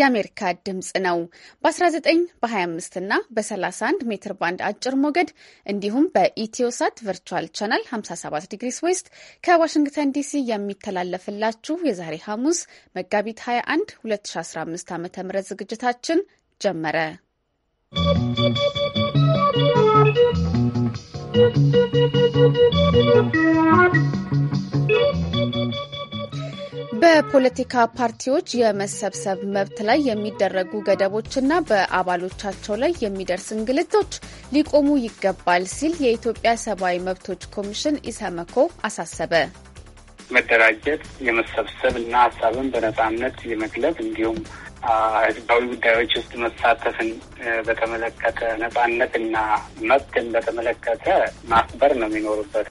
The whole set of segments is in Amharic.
የአሜሪካ ድምፅ ነው። በ19 በ25 እና በ31 ሜትር ባንድ አጭር ሞገድ እንዲሁም በኢትዮሳት ቨርቹዋል ቻናል 57 ዲግሪስ ዌስት ከዋሽንግተን ዲሲ የሚተላለፍላችሁ የዛሬ ሐሙስ መጋቢት 21 2015 ዓ ም ዝግጅታችን ጀመረ። ¶¶ በፖለቲካ ፓርቲዎች የመሰብሰብ መብት ላይ የሚደረጉ ገደቦችና በአባሎቻቸው ላይ የሚደርስ እንግልቶች ሊቆሙ ይገባል ሲል የኢትዮጵያ ሰብአዊ መብቶች ኮሚሽን ኢሰመኮ አሳሰበ። መደራጀት፣ የመሰብሰብ እና ሀሳብን በነጻነት የመግለጽ እንዲሁም ህዝባዊ ጉዳዮች ውስጥ መሳተፍን በተመለከተ ነጻነትና መብትን በተመለከተ ማክበር ነው የሚኖሩበት።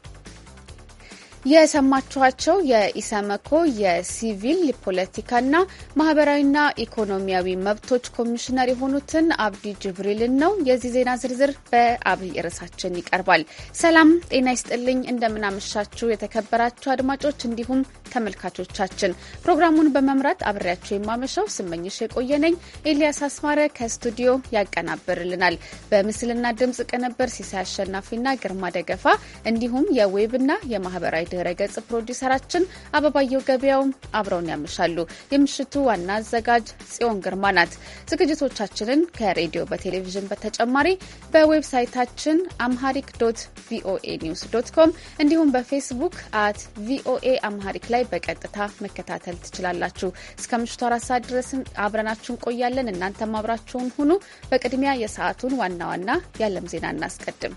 የሰማችኋቸው የኢሰመኮ የሲቪል ፖለቲካና ማህበራዊና ኢኮኖሚያዊ መብቶች ኮሚሽነር የሆኑትን አብዲ ጅብሪልን ነው። የዚህ ዜና ዝርዝር በአብይ ርዕሳችን ይቀርባል። ሰላም ጤና ይስጥልኝ፣ እንደምናመሻችሁ የተከበራችሁ አድማጮች እንዲሁም ተመልካቾቻችን። ፕሮግራሙን በመምራት አብሬያቸው የማመሻው ስመኝሽ የቆየነኝ። ኤልያስ አስማረ ከስቱዲዮ ያቀናብርልናል። በምስልና ድምጽ ቅንብር ሲሳይ አሸናፊና ግርማ ደገፋ እንዲሁም የዌብና የማህበራዊ የድኅረ ገጽ ፕሮዲሰራችን አበባየው ገበያውም አብረውን ያመሻሉ። የምሽቱ ዋና አዘጋጅ ጽዮን ግርማ ናት። ዝግጅቶቻችንን ከሬዲዮ በቴሌቪዥን በተጨማሪ በዌብሳይታችን አምሃሪክ ዶት ቪኦኤ ኒውስ ዶት ኮም እንዲሁም በፌስቡክ አት ቪኦኤ አምሃሪክ ላይ በቀጥታ መከታተል ትችላላችሁ። እስከ ምሽቱ አራት ሰዓት ድረስ አብረናችሁ እንቆያለን። እናንተም አብራችሁን ሁኑ። በቅድሚያ የሰዓቱን ዋና ዋና የዓለም ዜና እናስቀድም።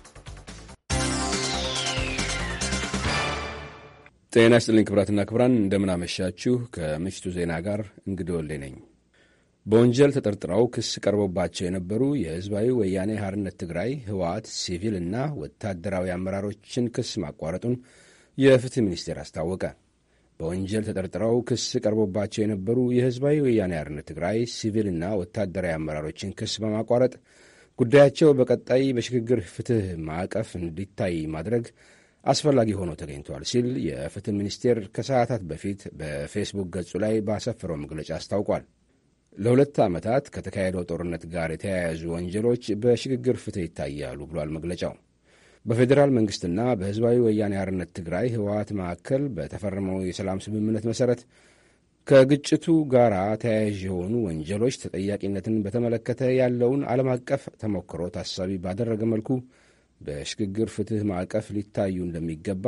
ጤና ይስጥልኝ ክብራትና ክብራን፣ እንደምናመሻችሁ። ከምሽቱ ዜና ጋር እንግዲ ወሌ ነኝ። በወንጀል ተጠርጥረው ክስ ቀርቦባቸው የነበሩ የህዝባዊ ወያኔ ሐርነት ትግራይ ህወሓት ሲቪል እና ወታደራዊ አመራሮችን ክስ ማቋረጡን የፍትህ ሚኒስቴር አስታወቀ። በወንጀል ተጠርጥረው ክስ ቀርቦባቸው የነበሩ የህዝባዊ ወያኔ ሐርነት ትግራይ ሲቪልና ወታደራዊ አመራሮችን ክስ በማቋረጥ ጉዳያቸው በቀጣይ በሽግግር ፍትህ ማዕቀፍ እንዲታይ ማድረግ አስፈላጊ ሆኖ ተገኝቷል ሲል የፍትህ ሚኒስቴር ከሰዓታት በፊት በፌስቡክ ገጹ ላይ ባሰፈረው መግለጫ አስታውቋል። ለሁለት ዓመታት ከተካሄደው ጦርነት ጋር የተያያዙ ወንጀሎች በሽግግር ፍትህ ይታያሉ ብሏል መግለጫው። በፌዴራል መንግስትና በህዝባዊ ወያኔ አርነት ትግራይ ህወሀት መካከል በተፈረመው የሰላም ስምምነት መሠረት ከግጭቱ ጋር ተያያዥ የሆኑ ወንጀሎች ተጠያቂነትን በተመለከተ ያለውን ዓለም አቀፍ ተሞክሮ ታሳቢ ባደረገ መልኩ በሽግግር ፍትህ ማዕቀፍ ሊታዩ እንደሚገባ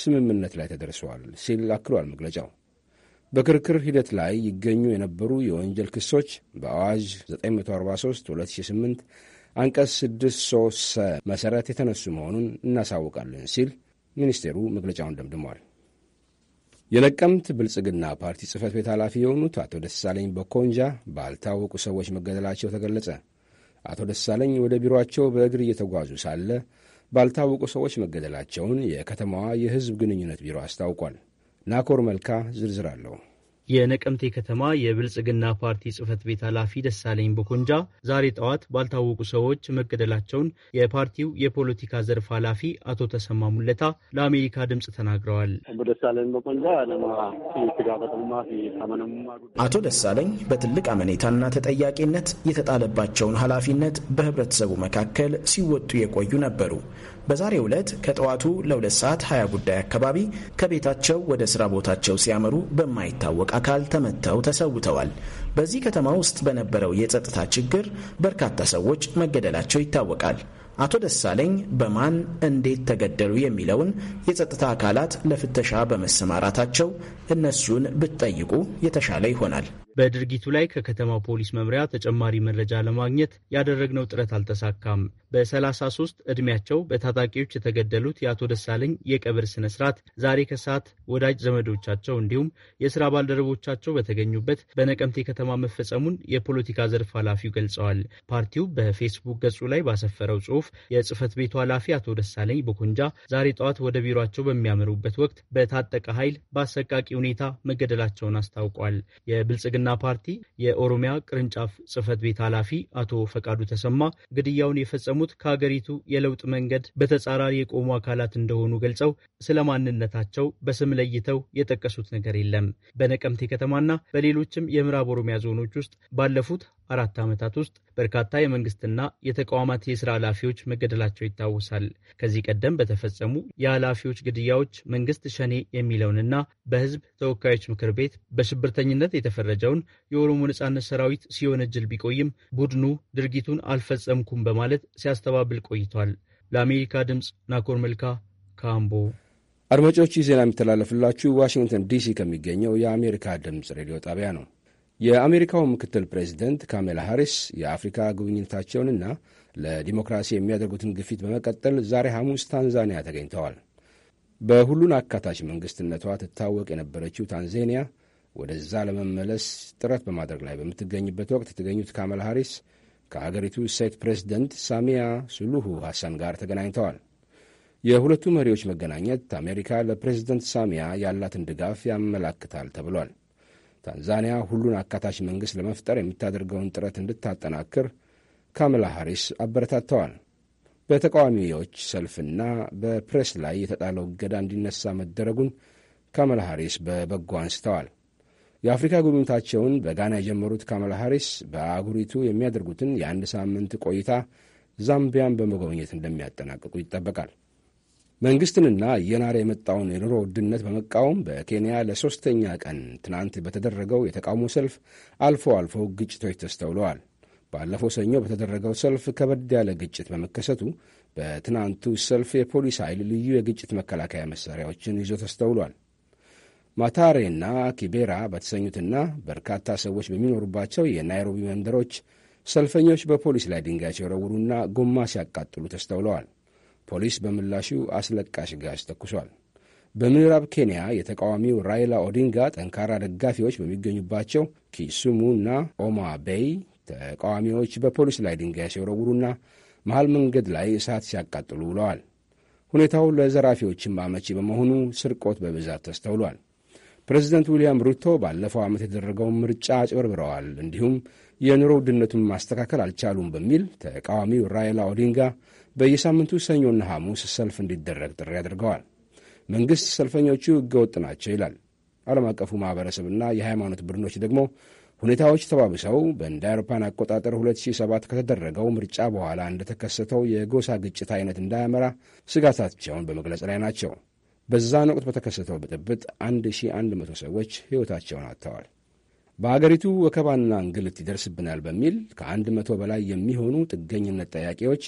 ስምምነት ላይ ተደርሰዋል ሲል አክሏል መግለጫው። በክርክር ሂደት ላይ ይገኙ የነበሩ የወንጀል ክሶች በአዋጅ 943 አንቀስ አንቀጽ 63 መሠረት የተነሱ መሆኑን እናሳውቃለን ሲል ሚኒስቴሩ መግለጫውን ደምድሟል። የነቀምት ብልጽግና ፓርቲ ጽህፈት ቤት ኃላፊ የሆኑት አቶ ደሳለኝ በኮንጃ ባልታወቁ ሰዎች መገደላቸው ተገለጸ። አቶ ደሳለኝ ወደ ቢሮአቸው በእግር እየተጓዙ ሳለ ባልታወቁ ሰዎች መገደላቸውን የከተማዋ የሕዝብ ግንኙነት ቢሮ አስታውቋል። ናኮር መልካ ዝርዝር አለው። የነቀምቴ ከተማ የብልጽግና ፓርቲ ጽህፈት ቤት ኃላፊ ደሳለኝ ቦኮንጃ ዛሬ ጠዋት ባልታወቁ ሰዎች መገደላቸውን የፓርቲው የፖለቲካ ዘርፍ ኃላፊ አቶ ተሰማ ሙለታ ለአሜሪካ ድምፅ ተናግረዋል። አቶ ደሳለኝ በትልቅ አመኔታና ተጠያቂነት የተጣለባቸውን ኃላፊነት በህብረተሰቡ መካከል ሲወጡ የቆዩ ነበሩ። በዛሬው ዕለት ከጠዋቱ ለሁለት ሰዓት 20 ጉዳይ አካባቢ ከቤታቸው ወደ ስራ ቦታቸው ሲያመሩ በማይታወቅ አካል ተመተው ተሰውተዋል። በዚህ ከተማ ውስጥ በነበረው የጸጥታ ችግር በርካታ ሰዎች መገደላቸው ይታወቃል። አቶ ደሳለኝ በማን እንዴት ተገደሉ የሚለውን የጸጥታ አካላት ለፍተሻ በመሰማራታቸው እነሱን ብትጠይቁ የተሻለ ይሆናል። በድርጊቱ ላይ ከከተማው ፖሊስ መምሪያ ተጨማሪ መረጃ ለማግኘት ያደረግነው ጥረት አልተሳካም። በ33 ዕድሜያቸው በታጣቂዎች የተገደሉት የአቶ ደሳለኝ የቀብር ስነ ስርዓት ዛሬ ከሰዓት ወዳጅ ዘመዶቻቸው እንዲሁም የስራ ባልደረቦቻቸው በተገኙበት በነቀምቴ ከተማ መፈጸሙን የፖለቲካ ዘርፍ ኃላፊው ገልጸዋል። ፓርቲው በፌስቡክ ገጹ ላይ ባሰፈረው ጽሁፍ የጽህፈት ቤቱ ኃላፊ አቶ ደሳለኝ በኮንጃ ዛሬ ጠዋት ወደ ቢሯቸው በሚያመሩበት ወቅት በታጠቀ ኃይል በአሰቃቂ ሁኔታ መገደላቸውን አስታውቋል። የብልጽግና ብልጽግና ፓርቲ የኦሮሚያ ቅርንጫፍ ጽህፈት ቤት ኃላፊ አቶ ፈቃዱ ተሰማ ግድያውን የፈጸሙት ከሀገሪቱ የለውጥ መንገድ በተጻራሪ የቆሙ አካላት እንደሆኑ ገልጸው ስለ ማንነታቸው በስም ለይተው የጠቀሱት ነገር የለም። በነቀምቴ ከተማና በሌሎችም የምዕራብ ኦሮሚያ ዞኖች ውስጥ ባለፉት አራት ዓመታት ውስጥ በርካታ የመንግስትና የተቋማት የስራ ኃላፊዎች መገደላቸው ይታወሳል። ከዚህ ቀደም በተፈጸሙ የኃላፊዎች ግድያዎች መንግስት ሸኔ የሚለውንና በህዝብ ተወካዮች ምክር ቤት በሽብርተኝነት የተፈረጀው የሚለውን የኦሮሞ ነጻነት ሰራዊት ሲወነጅል ቢቆይም ቡድኑ ድርጊቱን አልፈጸምኩም በማለት ሲያስተባብል ቆይቷል። ለአሜሪካ ድምፅ ናኮር መልካ ካምቦ። አድማጮች ይህ ዜና የሚተላለፍላችሁ ዋሽንግተን ዲሲ ከሚገኘው የአሜሪካ ድምፅ ሬዲዮ ጣቢያ ነው። የአሜሪካው ምክትል ፕሬዚደንት ካሜላ ሃሪስ የአፍሪካ ጉብኝታቸውንና ለዲሞክራሲ የሚያደርጉትን ግፊት በመቀጠል ዛሬ ሐሙስ ታንዛኒያ ተገኝተዋል። በሁሉን አካታች መንግስትነቷ ትታወቅ የነበረችው ታንዛኒያ ወደዛ ለመመለስ ጥረት በማድረግ ላይ በምትገኝበት ወቅት የተገኙት ካመላ ሃሪስ ከአገሪቱ ሴት ፕሬዝደንት ሳሚያ ሱሉሁ ሐሰን ጋር ተገናኝተዋል። የሁለቱ መሪዎች መገናኘት አሜሪካ ለፕሬዝደንት ሳሚያ ያላትን ድጋፍ ያመላክታል ተብሏል። ታንዛኒያ ሁሉን አካታች መንግሥት ለመፍጠር የምታደርገውን ጥረት እንድታጠናክር ካመላ ሃሪስ አበረታተዋል። በተቃዋሚዎች ሰልፍና በፕሬስ ላይ የተጣለው እገዳ እንዲነሳ መደረጉን ካመላ ሃሪስ በበጎ አንስተዋል። የአፍሪካ ጉብኝታቸውን በጋና የጀመሩት ካማላ ሃሪስ በአህጉሪቱ የሚያደርጉትን የአንድ ሳምንት ቆይታ ዛምቢያን በመጎብኘት እንደሚያጠናቅቁ ይጠበቃል። መንግስትንና እየናረ የመጣውን የኑሮ ውድነት በመቃወም በኬንያ ለሦስተኛ ቀን ትናንት በተደረገው የተቃውሞ ሰልፍ አልፎ አልፎ ግጭቶች ተስተውለዋል። ባለፈው ሰኞ በተደረገው ሰልፍ ከበድ ያለ ግጭት በመከሰቱ በትናንቱ ሰልፍ የፖሊስ ኃይል ልዩ የግጭት መከላከያ መሣሪያዎችን ይዞ ተስተውሏል። ማታሬና ኪቤራ በተሰኙትና በርካታ ሰዎች በሚኖሩባቸው የናይሮቢ መንደሮች ሰልፈኞች በፖሊስ ላይ ድንጋይ ሲወረውሩና ጎማ ሲያቃጥሉ ተስተውለዋል። ፖሊስ በምላሹ አስለቃሽ ጋዝ ተኩሷል። በምዕራብ ኬንያ የተቃዋሚው ራይላ ኦዲንጋ ጠንካራ ደጋፊዎች በሚገኙባቸው ኪሱሙ እና ኦማ ቤይ ተቃዋሚዎች በፖሊስ ላይ ድንጋይ ሲወረውሩና መሃል መንገድ ላይ እሳት ሲያቃጥሉ ውለዋል። ሁኔታው ለዘራፊዎችም አመቺ በመሆኑ ስርቆት በብዛት ተስተውሏል። ፕሬዚደንት ዊልያም ሩቶ ባለፈው ዓመት የተደረገውን ምርጫ አጭበርብረዋል፣ እንዲሁም የኑሮ ውድነቱን ማስተካከል አልቻሉም በሚል ተቃዋሚው ራይላ ኦዲንጋ በየሳምንቱ ሰኞና ሐሙስ ሰልፍ እንዲደረግ ጥሪ አድርገዋል። መንግሥት ሰልፈኞቹ ሕገወጥ ናቸው ይላል። ዓለም አቀፉ ማኅበረሰብና የሃይማኖት ቡድኖች ደግሞ ሁኔታዎች ተባብሰው በእንደ አውሮፓን አቆጣጠር 2007 ከተደረገው ምርጫ በኋላ እንደተከሰተው የጎሳ ግጭት አይነት እንዳያመራ ስጋታቸውን በመግለጽ ላይ ናቸው። በዛን ወቅት በተከሰተው ብጥብጥ 1100 ሰዎች ሕይወታቸውን አጥተዋል። በአገሪቱ ወከባና እንግልት ይደርስብናል በሚል ከ100 በላይ የሚሆኑ ጥገኝነት ጠያቂዎች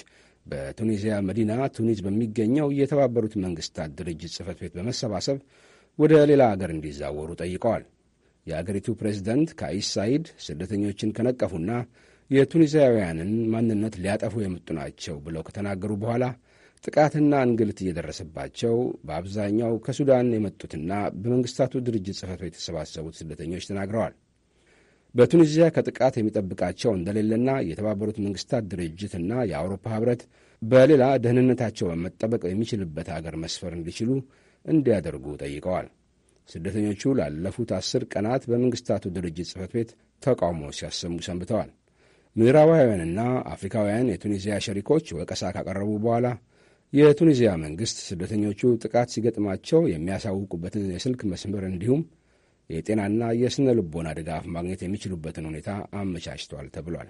በቱኒዚያ መዲና ቱኒዝ በሚገኘው የተባበሩት መንግሥታት ድርጅት ጽሕፈት ቤት በመሰባሰብ ወደ ሌላ አገር እንዲዛወሩ ጠይቀዋል። የአገሪቱ ፕሬዚደንት ካኢስ ሳይድ ስደተኞችን ከነቀፉና የቱኒዚያውያንን ማንነት ሊያጠፉ የመጡ ናቸው ብለው ከተናገሩ በኋላ ጥቃትና እንግልት እየደረሰባቸው በአብዛኛው ከሱዳን የመጡትና በመንግስታቱ ድርጅት ጽሕፈት ቤት የተሰባሰቡት ስደተኞች ተናግረዋል። በቱኒዚያ ከጥቃት የሚጠብቃቸው እንደሌለና የተባበሩት መንግስታት ድርጅትና የአውሮፓ ህብረት በሌላ ደህንነታቸው መጠበቅ የሚችልበት አገር መስፈር እንዲችሉ እንዲያደርጉ ጠይቀዋል። ስደተኞቹ ላለፉት አስር ቀናት በመንግስታቱ ድርጅት ጽፈት ቤት ተቃውሞ ሲያሰሙ ሰንብተዋል። ምዕራባውያንና አፍሪካውያን የቱኒዚያ ሸሪኮች ወቀሳ ካቀረቡ በኋላ የቱኒዚያ መንግሥት ስደተኞቹ ጥቃት ሲገጥማቸው የሚያሳውቁበትን የስልክ መስመር እንዲሁም የጤናና የሥነ ልቦና ድጋፍ ማግኘት የሚችሉበትን ሁኔታ አመቻችቷል ተብሏል።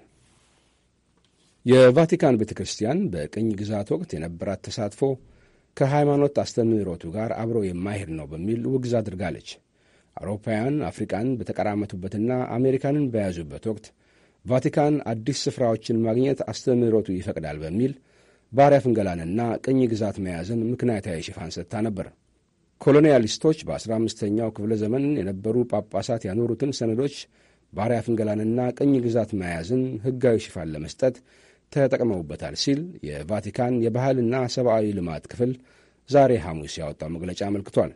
የቫቲካን ቤተ ክርስቲያን በቅኝ ግዛት ወቅት የነበራት ተሳትፎ ከሃይማኖት አስተምህሮቱ ጋር አብሮ የማይሄድ ነው በሚል ውግዝ አድርጋለች። አውሮፓውያን አፍሪካን በተቀራመቱበትና አሜሪካንን በያዙበት ወቅት ቫቲካን አዲስ ስፍራዎችን ማግኘት አስተምህሮቱ ይፈቅዳል በሚል ባሪያ ፍንገላንና ቅኝ ግዛት መያዝን ምክንያታዊ ሽፋን ሰጥታ ነበር። ኮሎኒያሊስቶች በ15ኛው ክፍለ ዘመን የነበሩ ጳጳሳት ያኖሩትን ሰነዶች ባሪያ ፍንገላንና ቅኝ ግዛት መያዝን ሕጋዊ ሽፋን ለመስጠት ተጠቅመውበታል ሲል የቫቲካን የባህልና ሰብአዊ ልማት ክፍል ዛሬ ሐሙስ ያወጣው መግለጫ አመልክቷል።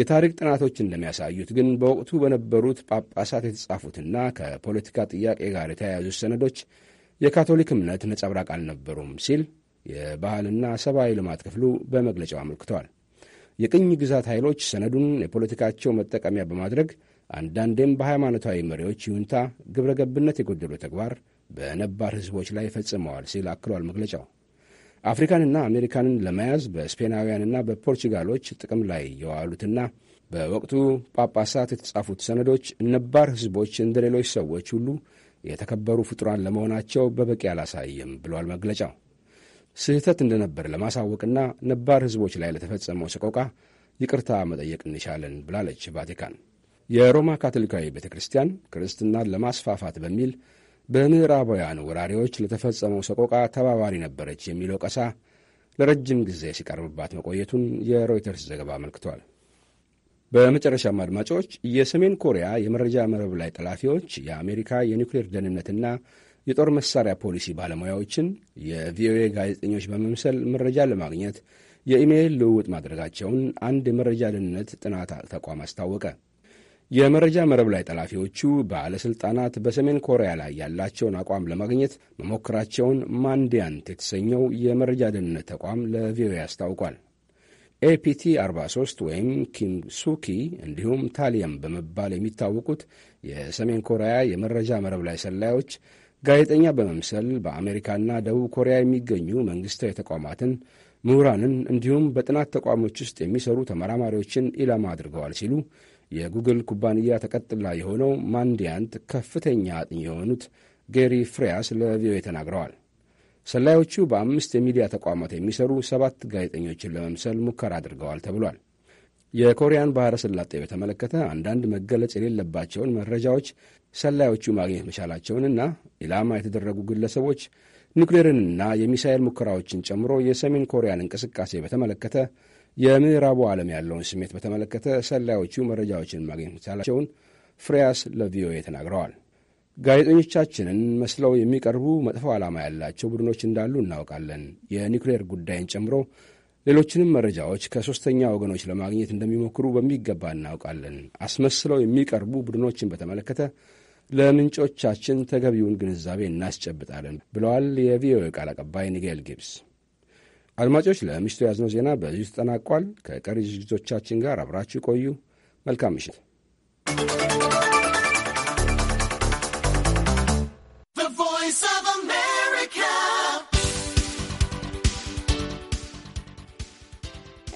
የታሪክ ጥናቶች እንደሚያሳዩት ግን በወቅቱ በነበሩት ጳጳሳት የተጻፉትና ከፖለቲካ ጥያቄ ጋር የተያያዙት ሰነዶች የካቶሊክ እምነት ነጸብራቅ አልነበሩም ሲል የባህልና ሰብአዊ ልማት ክፍሉ በመግለጫው አመልክተዋል። የቅኝ ግዛት ኃይሎች ሰነዱን የፖለቲካቸው መጠቀሚያ በማድረግ አንዳንዴም በሃይማኖታዊ መሪዎች ይሁንታ ግብረ ገብነት የጎደለው ተግባር በነባር ሕዝቦች ላይ ፈጽመዋል ሲል አክሏል መግለጫው። አፍሪካንና አሜሪካንን ለመያዝ በስፔናውያንና በፖርቹጋሎች ጥቅም ላይ የዋሉትና በወቅቱ ጳጳሳት የተጻፉት ሰነዶች ነባር ሕዝቦች እንደ ሌሎች ሰዎች ሁሉ የተከበሩ ፍጡራን ለመሆናቸው በበቂ አላሳየም ብሏል መግለጫው። ስህተት እንደነበር ለማሳወቅና ነባር ሕዝቦች ላይ ለተፈጸመው ሰቆቃ ይቅርታ መጠየቅ እንሻለን ብላለች ቫቲካን። የሮማ ካቶሊካዊ ቤተ ክርስቲያን ክርስትናን ለማስፋፋት በሚል በምዕራባውያን ወራሪዎች ለተፈጸመው ሰቆቃ ተባባሪ ነበረች የሚለው ቀሳ ለረጅም ጊዜ ሲቀርብባት መቆየቱን የሮይተርስ ዘገባ አመልክቷል። በመጨረሻም አድማጮች፣ የሰሜን ኮሪያ የመረጃ መረብ ላይ ጠላፊዎች የአሜሪካ የኒውክሌር ደህንነትና የጦር መሳሪያ ፖሊሲ ባለሙያዎችን የቪኦኤ ጋዜጠኞች በመምሰል መረጃ ለማግኘት የኢሜይል ልውውጥ ማድረጋቸውን አንድ የመረጃ ደህንነት ጥናት ተቋም አስታወቀ። የመረጃ መረብ ላይ ጠላፊዎቹ ባለሥልጣናት በሰሜን ኮሪያ ላይ ያላቸውን አቋም ለማግኘት መሞከራቸውን ማንዲያንት የተሰኘው የመረጃ ደህንነት ተቋም ለቪኦኤ አስታውቋል። ኤፒቲ 43 ወይም ሱኪ እንዲሁም ታሊየም በመባል የሚታወቁት የሰሜን ኮሪያ የመረጃ መረብ ላይ ሰላዮች ጋዜጠኛ በመምሰል በአሜሪካና ደቡብ ኮሪያ የሚገኙ መንግሥታዊ ተቋማትን፣ ምሁራንን እንዲሁም በጥናት ተቋሞች ውስጥ የሚሰሩ ተመራማሪዎችን ኢላማ አድርገዋል ሲሉ የጉግል ኩባንያ ተቀጥላ የሆነው ማንዲያንት ከፍተኛ አጥኚ የሆኑት ጌሪ ፍሬያስ ለቪኦኤ ተናግረዋል። ሰላዮቹ በአምስት የሚዲያ ተቋማት የሚሰሩ ሰባት ጋዜጠኞችን ለመምሰል ሙከራ አድርገዋል ተብሏል። የኮሪያን ባህረ ስላጤ በተመለከተ አንዳንድ መገለጽ የሌለባቸውን መረጃዎች ሰላዮቹ ማግኘት መቻላቸውንና ኢላማ የተደረጉ ግለሰቦች ኒውክሌርንና የሚሳኤል ሙከራዎችን ጨምሮ የሰሜን ኮሪያን እንቅስቃሴ በተመለከተ የምዕራቡ ዓለም ያለውን ስሜት በተመለከተ ሰላዮቹ መረጃዎችን ማግኘት መቻላቸውን ፍሬያስ ለቪኦኤ ተናግረዋል። ጋዜጠኞቻችንን መስለው የሚቀርቡ መጥፎ ዓላማ ያላቸው ቡድኖች እንዳሉ እናውቃለን። የኒውክሌር ጉዳይን ጨምሮ ሌሎችንም መረጃዎች ከሦስተኛ ወገኖች ለማግኘት እንደሚሞክሩ በሚገባ እናውቃለን። አስመስለው የሚቀርቡ ቡድኖችን በተመለከተ ለምንጮቻችን ተገቢውን ግንዛቤ እናስጨብጣለን ብለዋል የቪኦኤ ቃል አቀባይ ኒጌል ጊብስ። አድማጮች፣ ለምሽቱ የያዝነው ዜና በዚሁ ተጠናቋል። ከቀሪ ዝግጅቶቻችን ጋር አብራችሁ ቆዩ። መልካም ምሽት።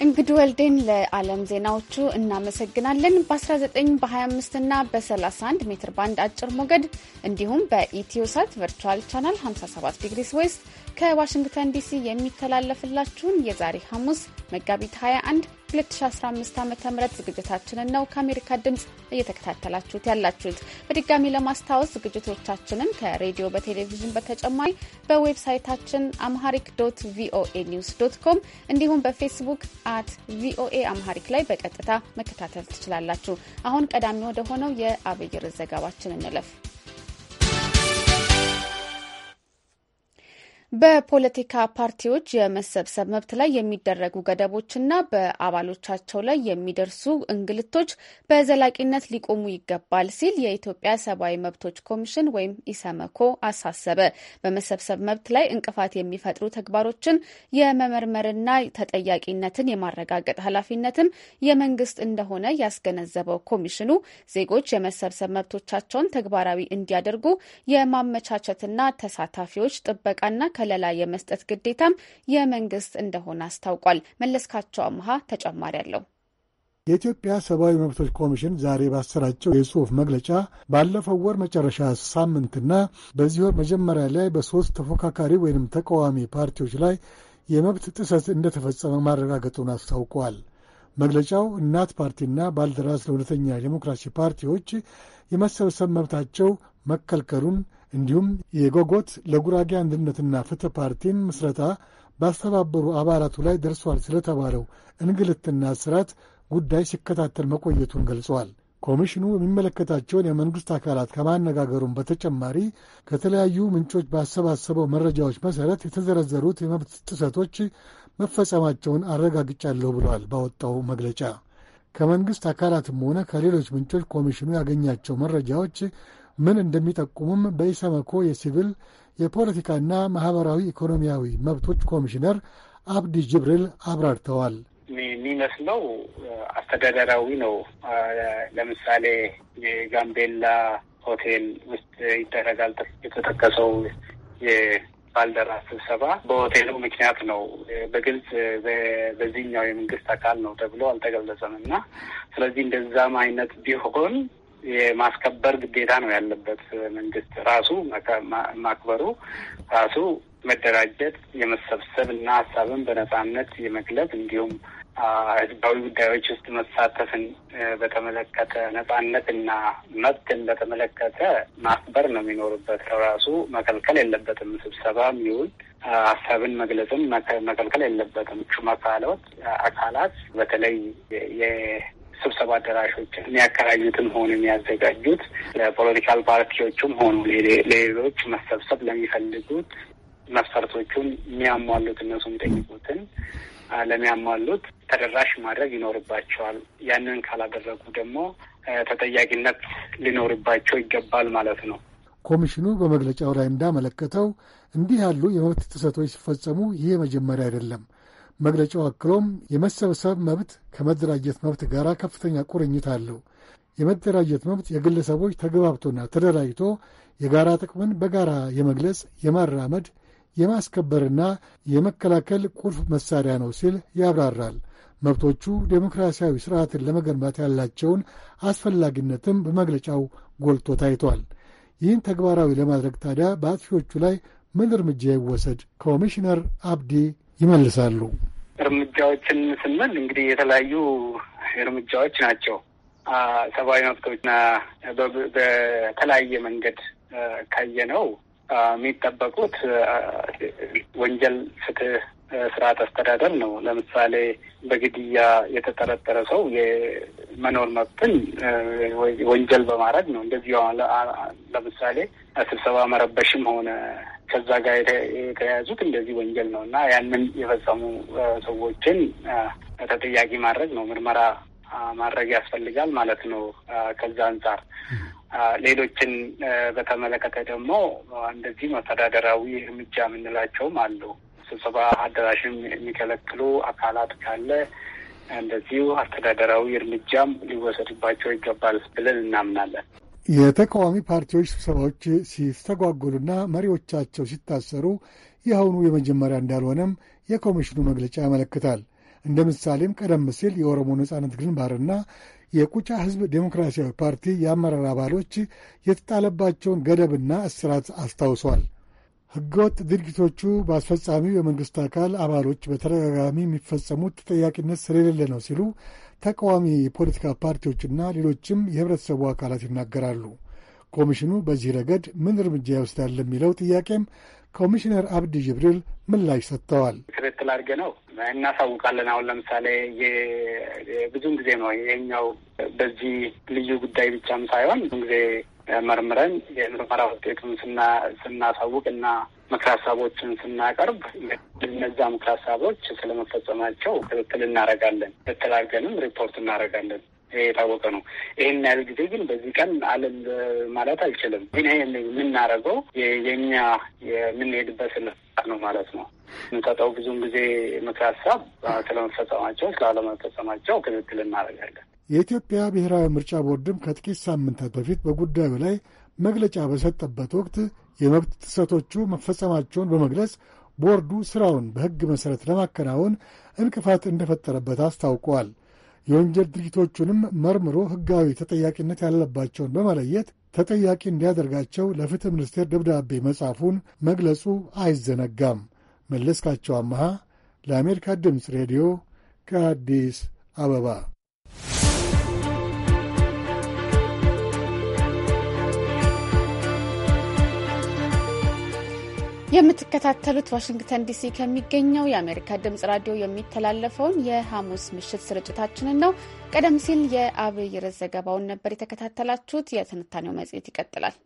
እንግዲህ ወልዴን ለዓለም ዜናዎቹ እናመሰግናለን። በ19 በ25 እና በ31 ሜትር ባንድ አጭር ሞገድ እንዲሁም በኢትዮሳት ቨርቹዋል ቻናል 57 ዲግሪስ ዌስት ከዋሽንግተን ዲሲ የሚተላለፍላችሁን የዛሬ ሐሙስ መጋቢት 21 2015 ዓ ም ዝግጅታችንን ነው ከአሜሪካ ድምፅ እየተከታተላችሁት ያላችሁት። በድጋሚ ለማስታወስ ዝግጅቶቻችንን ከሬዲዮ በቴሌቪዥን በተጨማሪ በዌብሳይታችን አምሃሪክ ዶት ቪኦኤ ኒውስ ዶት ኮም እንዲሁም በፌስቡክ አት ቪኦኤ አምሃሪክ ላይ በቀጥታ መከታተል ትችላላችሁ። አሁን ቀዳሚ ወደ ሆነው የአብይር ዘገባችን እንለፍ። በፖለቲካ ፓርቲዎች የመሰብሰብ መብት ላይ የሚደረጉ ገደቦችና በአባሎቻቸው ላይ የሚደርሱ እንግልቶች በዘላቂነት ሊቆሙ ይገባል ሲል የኢትዮጵያ ሰብአዊ መብቶች ኮሚሽን ወይም ኢሰመኮ አሳሰበ። በመሰብሰብ መብት ላይ እንቅፋት የሚፈጥሩ ተግባሮችን የመመርመርና ተጠያቂነትን የማረጋገጥ ኃላፊነትም የመንግስት እንደሆነ ያስገነዘበው ኮሚሽኑ ዜጎች የመሰብሰብ መብቶቻቸውን ተግባራዊ እንዲያደርጉ የማመቻቸትና ተሳታፊዎች ጥበቃና ከለላ የመስጠት ግዴታም የመንግስት እንደሆነ አስታውቋል። መለስካቸው አምሃ ተጨማሪ አለው። የኢትዮጵያ ሰብአዊ መብቶች ኮሚሽን ዛሬ ባሰራጨው የጽሑፍ መግለጫ ባለፈው ወር መጨረሻ ሳምንትና በዚህ ወር መጀመሪያ ላይ በሦስት ተፎካካሪ ወይም ተቃዋሚ ፓርቲዎች ላይ የመብት ጥሰት እንደተፈጸመ ማረጋገጡን አስታውቋል። መግለጫው እናት ፓርቲና ባልደራስ ለእውነተኛ ዴሞክራሲ ፓርቲዎች የመሰብሰብ መብታቸው መከልከሉን እንዲሁም የጎጎት ለጉራጌ አንድነትና ፍትህ ፓርቲን ምስረታ ባስተባበሩ አባላቱ ላይ ደርሷል ስለተባለው እንግልትና እስራት ጉዳይ ሲከታተል መቆየቱን ገልጸዋል። ኮሚሽኑ የሚመለከታቸውን የመንግሥት አካላት ከማነጋገሩም በተጨማሪ ከተለያዩ ምንጮች ባሰባሰበው መረጃዎች መሠረት የተዘረዘሩት የመብት ጥሰቶች መፈጸማቸውን አረጋግጫለሁ ብለዋል ባወጣው መግለጫ። ከመንግሥት አካላትም ሆነ ከሌሎች ምንጮች ኮሚሽኑ ያገኛቸው መረጃዎች ምን እንደሚጠቁሙም በኢሰመኮ የሲቪል የፖለቲካና ማህበራዊ ኢኮኖሚያዊ መብቶች ኮሚሽነር አብዲ ጅብሪል አብራርተዋል። የሚመስለው አስተዳደራዊ ነው። ለምሳሌ የጋምቤላ ሆቴል ውስጥ ይደረጋል የተጠቀሰው የባልደራ ስብሰባ በሆቴሉ ምክንያት ነው፣ በግልጽ በዚህኛው የመንግስት አካል ነው ተብሎ አልተገለጸም እና ስለዚህ እንደዛም አይነት ቢሆን የማስከበር ግዴታ ነው ያለበት። መንግስት ራሱ ማክበሩ ራሱ መደራጀት፣ የመሰብሰብ እና ሀሳብን በነጻነት የመግለጽ እንዲሁም ህዝባዊ ጉዳዮች ውስጥ መሳተፍን በተመለከተ ነጻነትና መብትን በተመለከተ ማክበር ነው የሚኖርበት። ራሱ መከልከል የለበትም። ስብሰባ ይሁን ሀሳብን መግለጽም መከልከል የለበትም። ቹ አካላት በተለይ ስብሰባ አዳራሾች የሚያከራዩትም ሆኑ የሚያዘጋጁት ለፖለቲካል ፓርቲዎችም ሆኑ ለሌሎች መሰብሰብ ለሚፈልጉት መስፈርቶቹን የሚያሟሉት እነሱ የሚጠይቁትን ለሚያሟሉት ተደራሽ ማድረግ ይኖርባቸዋል። ያንን ካላደረጉ ደግሞ ተጠያቂነት ሊኖርባቸው ይገባል ማለት ነው። ኮሚሽኑ በመግለጫው ላይ እንዳመለከተው እንዲህ ያሉ የመብት ጥሰቶች ሲፈጸሙ ይህ መጀመሪያ አይደለም። መግለጫው አክሎም የመሰብሰብ መብት ከመደራጀት መብት ጋር ከፍተኛ ቁርኝት አለው። የመደራጀት መብት የግለሰቦች ተግባብቶና ተደራጅቶ የጋራ ጥቅምን በጋራ የመግለጽ፣ የማራመድ፣ የማስከበርና የመከላከል ቁልፍ መሳሪያ ነው ሲል ያብራራል። መብቶቹ ዴሞክራሲያዊ ስርዓትን ለመገንባት ያላቸውን አስፈላጊነትም በመግለጫው ጎልቶ ታይቷል። ይህን ተግባራዊ ለማድረግ ታዲያ በአጥፊዎቹ ላይ ምን እርምጃ ይወሰድ? ኮሚሽነር አብዲ ይመልሳሉ። እርምጃዎችን ስንል እንግዲህ የተለያዩ እርምጃዎች ናቸው። ሰብአዊ መብቶችና በተለያየ መንገድ ካየነው የሚጠበቁት ወንጀል ፍትህ ስርዓት አስተዳደር ነው። ለምሳሌ በግድያ የተጠረጠረ ሰው የመኖር መብትን ወንጀል በማድረግ ነው። እንደዚህ ለምሳሌ ስብሰባ መረበሽም ሆነ ከዛ ጋር የተያያዙት እንደዚህ ወንጀል ነው እና ያንን የፈጸሙ ሰዎችን ተጠያቂ ማድረግ ነው ምርመራ ማድረግ ያስፈልጋል ማለት ነው። ከዛ አንጻር ሌሎችን በተመለከተ ደግሞ እንደዚህ መተዳደራዊ እርምጃ የምንላቸውም አሉ። ስብሰባ አዳራሽን የሚከለክሉ አካላት ካለ እንደዚሁ አስተዳደራዊ እርምጃም ሊወሰድባቸው ይገባል ብለን እናምናለን። የተቃዋሚ ፓርቲዎች ስብሰባዎች ሲስተጓጎሉና መሪዎቻቸው ሲታሰሩ የአሁኑ የመጀመሪያ እንዳልሆነም የኮሚሽኑ መግለጫ ያመለክታል። እንደ ምሳሌም ቀደም ሲል የኦሮሞ ነጻነት ግንባርና የቁጫ ሕዝብ ዴሞክራሲያዊ ፓርቲ የአመራር አባሎች የተጣለባቸውን ገደብና እስራት አስታውሷል። ሕገወጥ ድርጊቶቹ በአስፈጻሚው የመንግሥት አካል አባሎች በተደጋጋሚ የሚፈጸሙት ተጠያቂነት ስለሌለ ነው ሲሉ ተቃዋሚ የፖለቲካ ፓርቲዎችና ሌሎችም የህብረተሰቡ አካላት ይናገራሉ። ኮሚሽኑ በዚህ ረገድ ምን እርምጃ ይወስዳል ለሚለው ጥያቄም ኮሚሽነር አብዲ ጅብሪል ምላሽ ሰጥተዋል። ክትትል አድርገ ነው እናሳውቃለን። አሁን ለምሳሌ ብዙን ጊዜ ነው ይሄኛው በዚህ ልዩ ጉዳይ ብቻም ሳይሆን ብዙን ጊዜ መርምረን የምርመራ ውጤቱን ስናሳውቅ እና ምክር ሀሳቦችን ስናቀርብ እነዛ ምክር ሀሳቦች ስለመፈጸማቸው ክትትል እናደርጋለን። ክትትል አድርገንም ሪፖርት እናደርጋለን። ይሄ የታወቀ ነው። ይህን ያህል ጊዜ ግን በዚህ ቀን አለም ማለት አልችልም። ግን ይሄ የምናደርገው የእኛ የምንሄድበት ነው ማለት ነው። የምንሰጠው ብዙን ጊዜ ምክር ሀሳብ ስለመፈጸማቸው ስላለመፈጸማቸው ክትትል እናደርጋለን። የኢትዮጵያ ብሔራዊ ምርጫ ቦርድም ከጥቂት ሳምንታት በፊት በጉዳዩ ላይ መግለጫ በሰጠበት ወቅት የመብት ጥሰቶቹ መፈጸማቸውን በመግለጽ ቦርዱ ስራውን በሕግ መሠረት ለማከናወን እንቅፋት እንደፈጠረበት አስታውቀዋል። የወንጀል ድርጊቶቹንም መርምሮ ሕጋዊ ተጠያቂነት ያለባቸውን በመለየት ተጠያቂ እንዲያደርጋቸው ለፍትሕ ሚኒስቴር ደብዳቤ መጻፉን መግለጹ አይዘነጋም። መለስካቸው አመሃ ለአሜሪካ ድምፅ ሬዲዮ ከአዲስ አበባ የምትከታተሉት ዋሽንግተን ዲሲ ከሚገኘው የአሜሪካ ድምጽ ራዲዮ የሚተላለፈውን የሐሙስ ምሽት ስርጭታችንን ነው። ቀደም ሲል የአብይ ርዕስ ዘገባውን ነበር የተከታተላችሁት። የትንታኔው መጽሔት ይቀጥላል።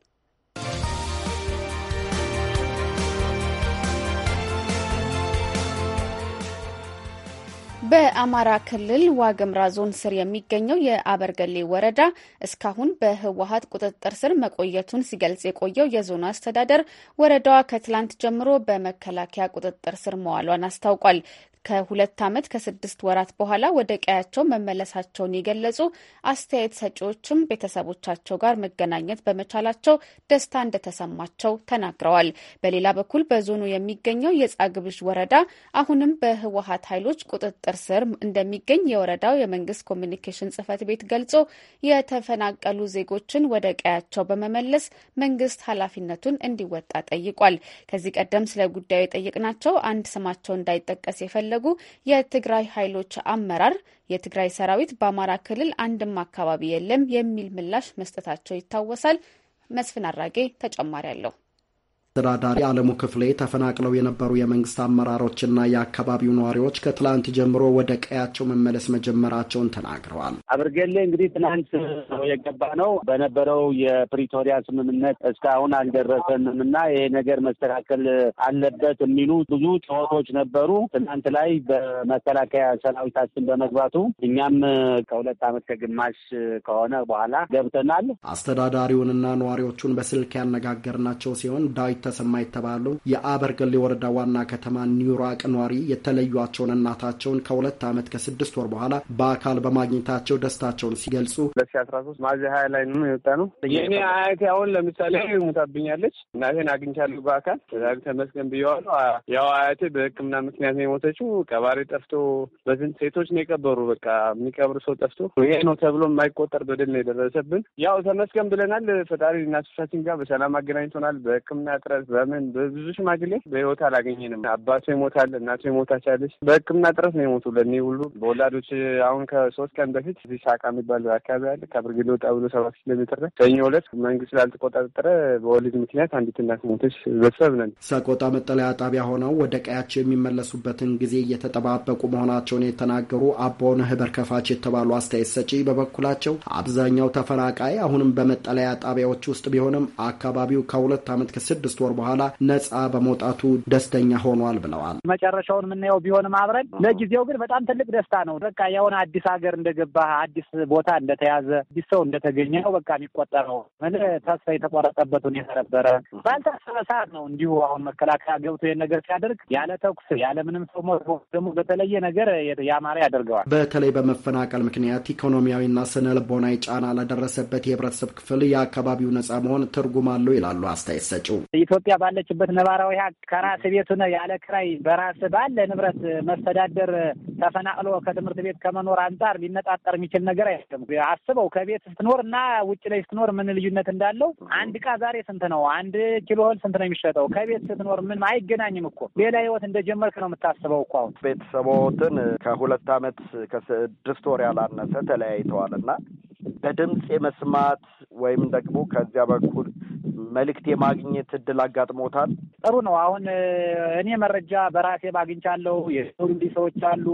በአማራ ክልል ዋግምራ ዞን ስር የሚገኘው የአበርገሌ ወረዳ እስካሁን በህወሀት ቁጥጥር ስር መቆየቱን ሲገልጽ የቆየው የዞኑ አስተዳደር ወረዳዋ ከትላንት ጀምሮ በመከላከያ ቁጥጥር ስር መዋሏን አስታውቋል። ከሁለት ዓመት ከስድስት ወራት በኋላ ወደ ቀያቸው መመለሳቸውን የገለጹ አስተያየት ሰጪዎችም ቤተሰቦቻቸው ጋር መገናኘት በመቻላቸው ደስታ እንደተሰማቸው ተናግረዋል። በሌላ በኩል በዞኑ የሚገኘው የጻግብዥ ወረዳ አሁንም በህወሀት ኃይሎች ቁጥጥር ስር እንደሚገኝ የወረዳው የመንግስት ኮሚኒኬሽን ጽህፈት ቤት ገልጾ የተፈናቀሉ ዜጎችን ወደ ቀያቸው በመመለስ መንግስት ኃላፊነቱን እንዲወጣ ጠይቋል። ከዚህ ቀደም ስለ ጉዳዩ የጠየቅናቸው አንድ ስማቸው እንዳይጠቀስ የፈለ የፈለጉ የትግራይ ኃይሎች አመራር የትግራይ ሰራዊት በአማራ ክልል አንድም አካባቢ የለም የሚል ምላሽ መስጠታቸው ይታወሳል። መስፍን አራጌ ተጨማሪ አለው። አስተዳዳሪ አለሙ ክፍሌ ተፈናቅለው የነበሩ የመንግስት አመራሮችና የአካባቢው ነዋሪዎች ከትላንት ጀምሮ ወደ ቀያቸው መመለስ መጀመራቸውን ተናግረዋል። አብርገሌ እንግዲህ ትናንት ነው የገባ ነው። በነበረው የፕሪቶሪያ ስምምነት እስካሁን አልደረሰንም እና ይሄ ነገር መስተካከል አለበት የሚሉ ብዙ ጩኸቶች ነበሩ። ትናንት ላይ በመከላከያ ሰራዊታችን በመግባቱ እኛም ከሁለት ዓመት ከግማሽ ከሆነ በኋላ ገብተናል። አስተዳዳሪውንና ነዋሪዎቹን በስልክ ያነጋገርናቸው ሲሆን ዳዊት ተሰማ የተባሉ የአበርገሌ ወረዳ ዋና ከተማ ኒውራቅ ነዋሪ የተለዩቸውን እናታቸውን ከሁለት ዓመት ከስድስት ወር በኋላ በአካል በማግኘታቸው ደስታቸውን ሲገልጹ ሁለት ሺህ አስራ ሶስት ሚያዝያ ሀያ ላይ ነው የወጣ ነው። የእኔ አያቴ አሁን ለምሳሌ ሙታብኛለች። እናቴን አግኝቻለሁ በአካል ዛ ተመስገን ብየዋሉ። ያው አያቴ በሕክምና ምክንያት ነው የሞተችው። ቀባሪ ጠፍቶ በዝን ሴቶች ነው የቀበሩ። በቃ የሚቀብር ሰው ጠፍቶ ይሄ ነው ተብሎ የማይቆጠር በደል ነው የደረሰብን። ያው ተመስገን ብለናል። ፈጣሪ እናቶቻችን ጋር በሰላም አገናኝቶናል። በሕክምና ጥረ በማልቀስ በምን በብዙ ሽማግሌ በህይወት አላገኘንም። አባቱ ይሞታል፣ እናቱ ይሞታቻለች። በህክምና ጥረት ነው የሞቱ ለእኔ ሁሉ በወላዶች አሁን ከሶስት ቀን በፊት እዚህ ሻቃ የሚባል አካባቢ አለ ከብርጌድ ወጣ ብሎ ሰባት ኪሎ ሜትር ላይ ሰኞ ዕለት መንግስት ላልተቆጣጠረ በወሊድ ምክንያት አንዲት እናት ሞተች። በሰብ ነን። ሰቆጣ መጠለያ ጣቢያ ሆነው ወደ ቀያቸው የሚመለሱበትን ጊዜ እየተጠባበቁ መሆናቸውን የተናገሩ አቦነ ህበር ከፋች የተባሉ አስተያየት ሰጪ በበኩላቸው አብዛኛው ተፈናቃይ አሁንም በመጠለያ ጣቢያዎች ውስጥ ቢሆንም አካባቢው ከሁለት ዓመት ከስድስት ወር በኋላ ነጻ በመውጣቱ ደስተኛ ሆኗል ብለዋል። መጨረሻውን የምናየው ቢሆንም አብረን ለጊዜው ግን በጣም ትልቅ ደስታ ነው። በቃ የሆነ አዲስ ሀገር እንደገባ አዲስ ቦታ እንደተያዘ አዲስ ሰው እንደተገኘ ነው በቃ የሚቆጠረው። ምን ተስፋ የተቆረጠበት ሁኔታ ነበረ። ባልታሰበ ሰዓት ነው እንዲሁ አሁን መከላከያ ገብቶ ይህን ነገር ሲያደርግ ያለ ተኩስ ያለ ምንም ሰው ሞት ደግሞ በተለየ ነገር ያማረ ያደርገዋል። በተለይ በመፈናቀል ምክንያት ኢኮኖሚያዊና ስነ ልቦናዊ ጫና ላደረሰበት የህብረተሰብ ክፍል የአካባቢው ነጻ መሆን ትርጉም አለው ይላሉ አስተያየት ሰጪው። ኢትዮጵያ ባለችበት ነባራዊ ሀቅ ከራስ ቤቱ ነ ያለ ክራይ በራስ ባለ ንብረት መስተዳደር ተፈናቅሎ ከትምህርት ቤት ከመኖር አንጻር ሊነጣጠር የሚችል ነገር አይደለም። አስበው ከቤት ስትኖር እና ውጭ ላይ ስትኖር ምን ልዩነት እንዳለው። አንድ እቃ ዛሬ ስንት ነው? አንድ ኪሎ እህል ስንት ነው የሚሸጠው? ከቤት ስትኖር ምን አይገናኝም እኮ ሌላ ህይወት እንደጀመርክ ነው የምታስበው እኮ። አሁን ቤተሰቦትን ከሁለት አመት ከስድስት ወር ያላነሰ ተለያይተዋል እና በድምፅ የመስማት ወይም ደግሞ ከዚያ በኩል መልእክት የማግኘት እድል አጋጥሞታል? ጥሩ ነው። አሁን እኔ መረጃ በራሴ ባግኝቻለሁ። የሰውዲ ሰዎች አሉ።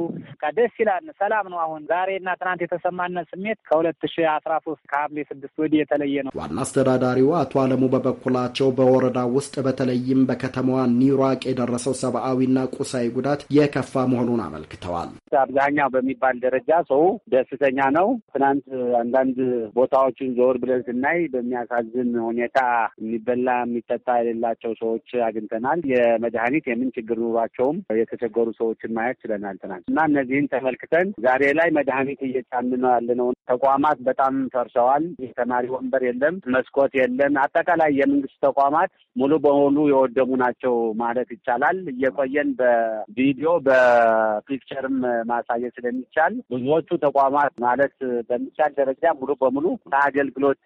ደስ ይላል። ሰላም ነው። አሁን ዛሬና ትናንት የተሰማነ ስሜት ከሁለት ሺ አስራ ሶስት ከሐምሌ ስድስት ወዲህ የተለየ ነው። ዋና አስተዳዳሪው አቶ አለሙ በበኩላቸው በወረዳ ውስጥ በተለይም በከተማዋ ኒሯቅ የደረሰው ሰብአዊና ቁሳዊ ጉዳት የከፋ መሆኑን አመልክተዋል። አብዛኛው በሚባል ደረጃ ሰው ደስተኛ ነው። ትናንት አንዳንድ ቦታዎችን ዞር ብለን ስናይ በሚያሳዝን ሁኔታ የሚበላ የሚጠጣ የሌላቸው ሰዎች አግኝተናል። የመድኃኒት የምን ችግር ኑሯቸውም የተቸገሩ ሰዎችን ማየት ችለናል ትናንት እና እነዚህን ተመልክተን ዛሬ ላይ መድኃኒት እየጫን ነው ያለነው። ተቋማት በጣም ፈርሰዋል። የተማሪ ወንበር የለም፣ መስኮት የለም። አጠቃላይ የመንግስት ተቋማት ሙሉ በሙሉ የወደሙ ናቸው ማለት ይቻላል። እየቆየን በቪዲዮ በፒክቸርም ማሳየት ስለሚቻል ብዙዎቹ ተቋማት ማለት በሚቻል ደረጃ ሙሉ በሙሉ ከአገልግሎት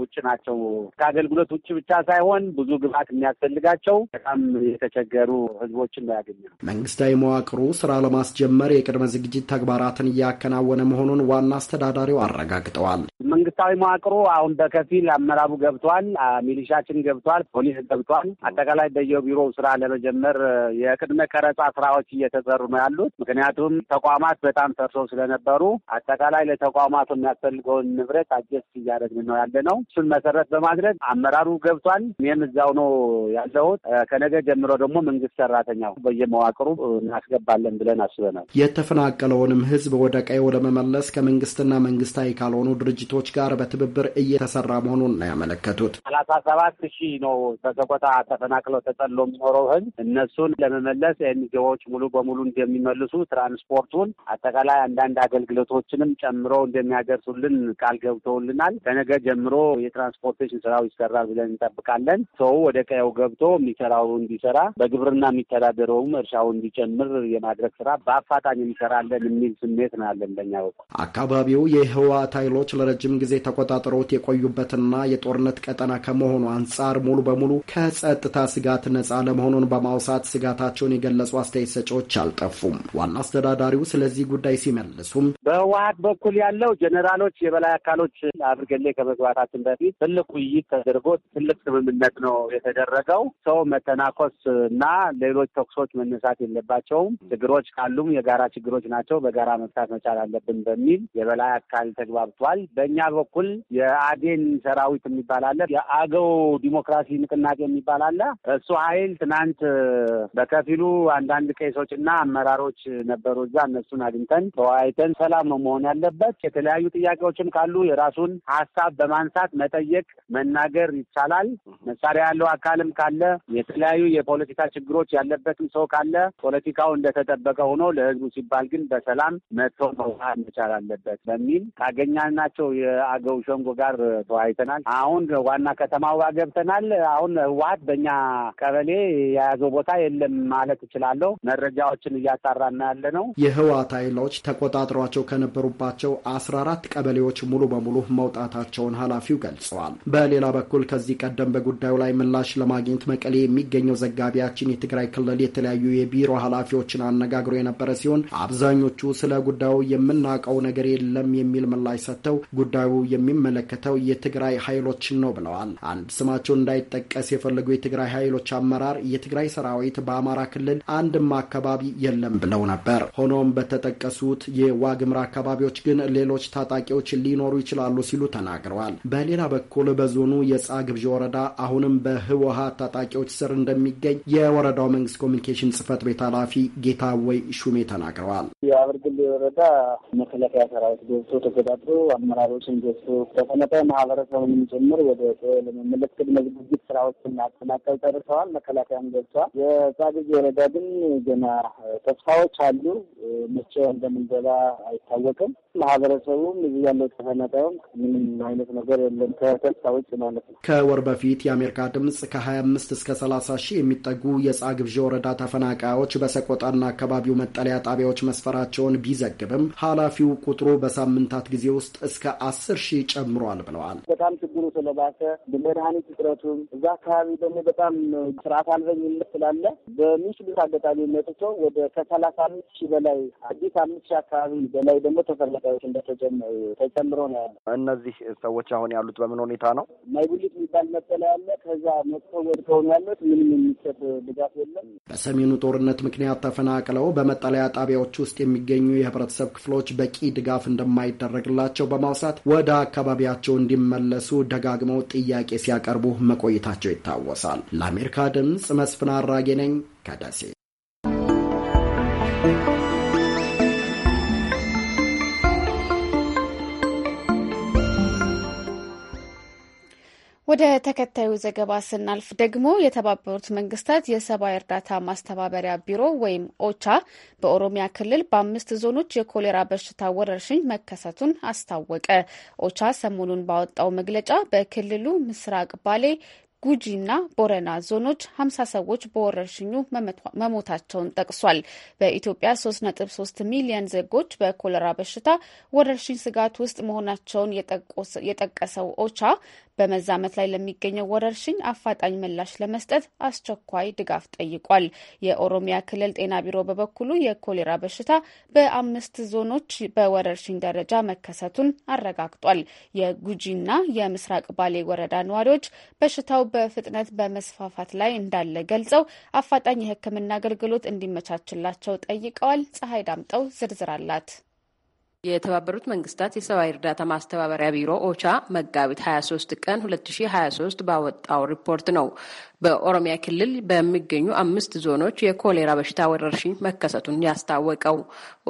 ውጭ ናቸው። ከአገልግሎት ውጭ ብቻ ሳይሆን ብዙ ግብዓት የሚያስፈልጋቸው በጣም የተቸገሩ ህዝቦችን ነው ያገኘነው። መንግስታዊ መዋቅሩ ስራ ለማስጀመር የቅድመ ዝግጅት ተግባራትን እያከናወነ መሆኑን ዋና አስተዳዳሪው አረጋግጠዋል። መንግስታዊ መዋቅሩ አሁን በከፊል አመራሩ ገብቷል፣ ሚሊሻችን ገብቷል፣ ፖሊስ ገብቷል። አጠቃላይ በየቢሮው ስራ ለመጀመር የቅድመ ቀረጻ ስራዎች እየተሰሩ ነው ያሉት። ምክንያቱም ተቋማት በጣም ፈርሰው ስለነበሩ አጠቃላይ ለተቋማቱ የሚያስፈልገውን ንብረት አጀስት እያደረግን ነው ያለ ነው። እሱን መሰረት በማድረግ አመራሩ ገብቷል። እኔም እዛው ነው ያለሁት። ከነገ ጀምሮ ደግሞ መንግስት ሰራተኛ በየመዋቅሩ እናስገባለን ብለን አስበናል። የተፈናቀለውንም ህዝብ ወደ ቀዬው ለመመለስ ከመንግስትና መንግስታዊ ካልሆኑ ድርጅቶች ጋር በትብብር እየተሰራ መሆኑን ነው ያመለከቱት። ሰላሳ ሰባት ሺህ ነው በሰቆጣ ተፈናቅለው ተጠሎ የሚኖረው ህዝብ እነሱን ለመመለስ ኤንጂኦዎች ሙሉ በሙሉ እንደሚመልሱ ትራንስፖርቱን፣ አጠቃላይ አንዳንድ አገልግሎቶችንም ጨምሮ እንደሚያደርሱልን ቃል ገብተውልናል። ከነገ ጀምሮ የትራንስፖርቴሽን ስራው ይሰራል ብለን እንጠብቃለን። ሰው ወደ ቀየው ገብቶ ስራው እንዲሰራ በግብርና የሚተዳደረውም እርሻው እንዲጨምር የማድረግ ስራ በአፋጣኝ እንሰራለን የሚል ስሜት ነው ያለን በኛ በኩል። አካባቢው የህወሓት ኃይሎች ለረጅም ጊዜ ተቆጣጥረውት የቆዩበትና የጦርነት ቀጠና ከመሆኑ አንጻር ሙሉ በሙሉ ከጸጥታ ስጋት ነጻ ለመሆኑን በማውሳት ስጋታቸውን የገለጹ አስተያየት ሰጪዎች አልጠፉም። ዋና አስተዳዳሪው ስለዚህ ጉዳይ ሲመልሱም በህወሓት በኩል ያለው ጀኔራሎች፣ የበላይ አካሎች አብርገሌ ከመግባታችን በፊት ትልቅ ውይይት ተደርጎ ትልቅ ስምምነት ነው የተደረገው ሰው መተናኮስ እና ሌሎች ተኩሶች መነሳት የለባቸውም። ችግሮች ካሉም የጋራ ችግሮች ናቸው፣ በጋራ መፍታት መቻል አለብን በሚል የበላይ አካል ተግባብቷል። በእኛ በኩል የአዴን ሰራዊት የሚባል አለ፣ የአገው ዲሞክራሲ ንቅናቄ የሚባል አለ። እሱ ኃይል ትናንት በከፊሉ አንዳንድ ቄሶች እና አመራሮች ነበሩ እዛ። እነሱን አግኝተን ተወያይተን ሰላም ነው መሆን ያለበት። የተለያዩ ጥያቄዎችም ካሉ የራሱን ሀሳብ በማንሳት መጠየቅ መናገር ይቻላል። መሳሪያ ያለው አካልም ካለ የተለያዩ የፖለቲካ ችግሮች ያለበትም ሰው ካለ ፖለቲካው እንደተጠበቀ ሆኖ ለህዝቡ ሲባል ግን በሰላም መጥቶ መውሃል መቻል አለበት በሚል ካገኛናቸው የአገው ሸንጎ ጋር ተወያይተናል። አሁን ዋና ከተማው ጋር ገብተናል። አሁን ህወሀት በእኛ ቀበሌ የያዘው ቦታ የለም ማለት እችላለሁ። መረጃዎችን እያጣራና ያለ ነው። የህወሀት ኃይሎች ተቆጣጥሯቸው ከነበሩባቸው አስራ አራት ቀበሌዎች ሙሉ በሙሉ መውጣታቸውን ኃላፊው ገልጸዋል። በሌላ በኩል ከዚህ ቀደም በጉዳዩ ላይ ምላሽ ለማግኘት መቀሌ የሚገኘው ዘጋቢያችን የትግራይ ክልል የተለያዩ የቢሮ ኃላፊዎችን አነጋግሮ የነበረ ሲሆን አብዛኞቹ ስለ ጉዳዩ የምናውቀው ነገር የለም የሚል ምላሽ ሰጥተው ጉዳዩ የሚመለከተው የትግራይ ኃይሎችን ነው ብለዋል። አንድ ስማቸው እንዳይጠቀስ የፈለጉ የትግራይ ኃይሎች አመራር የትግራይ ሰራዊት በአማራ ክልል አንድም አካባቢ የለም ብለው ነበር። ሆኖም በተጠቀሱት የዋግምራ አካባቢዎች ግን ሌሎች ታጣቂዎች ሊኖሩ ይችላሉ ሲሉ ተናግረዋል። በሌላ በኩል በዞኑ የጻ ግብዣ ወረዳ አሁንም በህወሀት ታጣቂዎች ስር እንደሚገኝ የወረዳው መንግስት ኮሚኒኬሽን ጽህፈት ቤት ኃላፊ ጌታወይ ሹሜ ተናግረዋል። የአበርግሌ ወረዳ መከላከያ ሰራዊት ገብቶ ተገዳድሮ አመራሮችን ገብቶ በተመጣ ማህበረሰቡንም ጭምር ወደ ለመመለስ ቅድመ ዝግጅት ስራዎችን አጠናቀው ጨርሰዋል። መከላከያም ገብተዋል። የጻግግ ወረዳ ግን ገና ተስፋዎች አሉ። መቼ እንደምንገባ አይታወቅም። ማህበረሰቡም እዚህ ያለው ተፈናቃዩም ምንም አይነት ነገር የለም ከተስፋዎች ማለት ነው። ከወር በፊት የአሜሪካ ድምጽ ከሀያ አምስት እስከ ሰላ 30 ሺህ የሚጠጉ የጻግብዢ ወረዳ ተፈናቃዮች በሰቆጣና አካባቢው መጠለያ ጣቢያዎች መስፈራቸውን ቢዘግብም ኃላፊው ቁጥሩ በሳምንታት ጊዜ ውስጥ እስከ አስር ሺህ ጨምሯል ብለዋል። በጣም ችግሩ ስለባሰ በመድኃኒት እጥረቱም እዛ አካባቢ ደግሞ በጣም ስርዓት አልበኝነት ስላለ በሚችሉት አጋጣሚ መጥቶ ወደ ከሰላሳ አምስት ሺህ በላይ አዲስ አምስት ሺህ አካባቢ በላይ ደግሞ ተፈናቃዮች እንደተጨመሩ ተጨምሮ ነው ያለ። እነዚህ ሰዎች አሁን ያሉት በምን ሁኔታ ነው? ማይጉሊት የሚባል መጠለያ ያለ ከዛ መጥተው ወድቀው ነው ያሉት። ምንም የሚሰጥ ድጋፍ የለም። በሰሜኑ ጦርነት ምክንያት ተፈናቅለው በመጠለያ ጣቢያዎች ውስጥ የሚገኙ የህብረተሰብ ክፍሎች በቂ ድጋፍ እንደማይደረግላቸው በማውሳት ወደ አካባቢያቸው እንዲመለሱ ደጋግመው ጥያቄ ሲያቀርቡ መቆየታቸው ይታወሳል። ለአሜሪካ ድምፅ መስፍን አራጌ ነኝ ከደሴ ወደ ተከታዩ ዘገባ ስናልፍ ደግሞ የተባበሩት መንግስታት የሰብአዊ እርዳታ ማስተባበሪያ ቢሮ ወይም ኦቻ በኦሮሚያ ክልል በአምስት ዞኖች የኮሌራ በሽታ ወረርሽኝ መከሰቱን አስታወቀ። ኦቻ ሰሞኑን ባወጣው መግለጫ በክልሉ ምስራቅ ባሌ ጉጂና ቦረና ዞኖች ሀምሳ ሰዎች በወረርሽኙ መሞታቸውን ጠቅሷል። በኢትዮጵያ 3.3 ሚሊዮን ዜጎች በኮሌራ በሽታ ወረርሽኝ ስጋት ውስጥ መሆናቸውን የጠቀሰው ኦቻ በመዛመት ላይ ለሚገኘው ወረርሽኝ አፋጣኝ ምላሽ ለመስጠት አስቸኳይ ድጋፍ ጠይቋል። የኦሮሚያ ክልል ጤና ቢሮ በበኩሉ የኮሌራ በሽታ በአምስት ዞኖች በወረርሽኝ ደረጃ መከሰቱን አረጋግጧል። የጉጂና የምስራቅ ባሌ ወረዳ ነዋሪዎች በሽታው በፍጥነት በመስፋፋት ላይ እንዳለ ገልጸው አፋጣኝ የሕክምና አገልግሎት እንዲመቻችላቸው ጠይቀዋል። ፀሐይ ዳምጠው ዝርዝር አላት። የተባበሩት መንግስታት የሰብአዊ እርዳታ ማስተባበሪያ ቢሮ ኦቻ መጋቢት 23 ቀን 2023 ባወጣው ሪፖርት ነው በኦሮሚያ ክልል በሚገኙ አምስት ዞኖች የኮሌራ በሽታ ወረርሽኝ መከሰቱን ያስታወቀው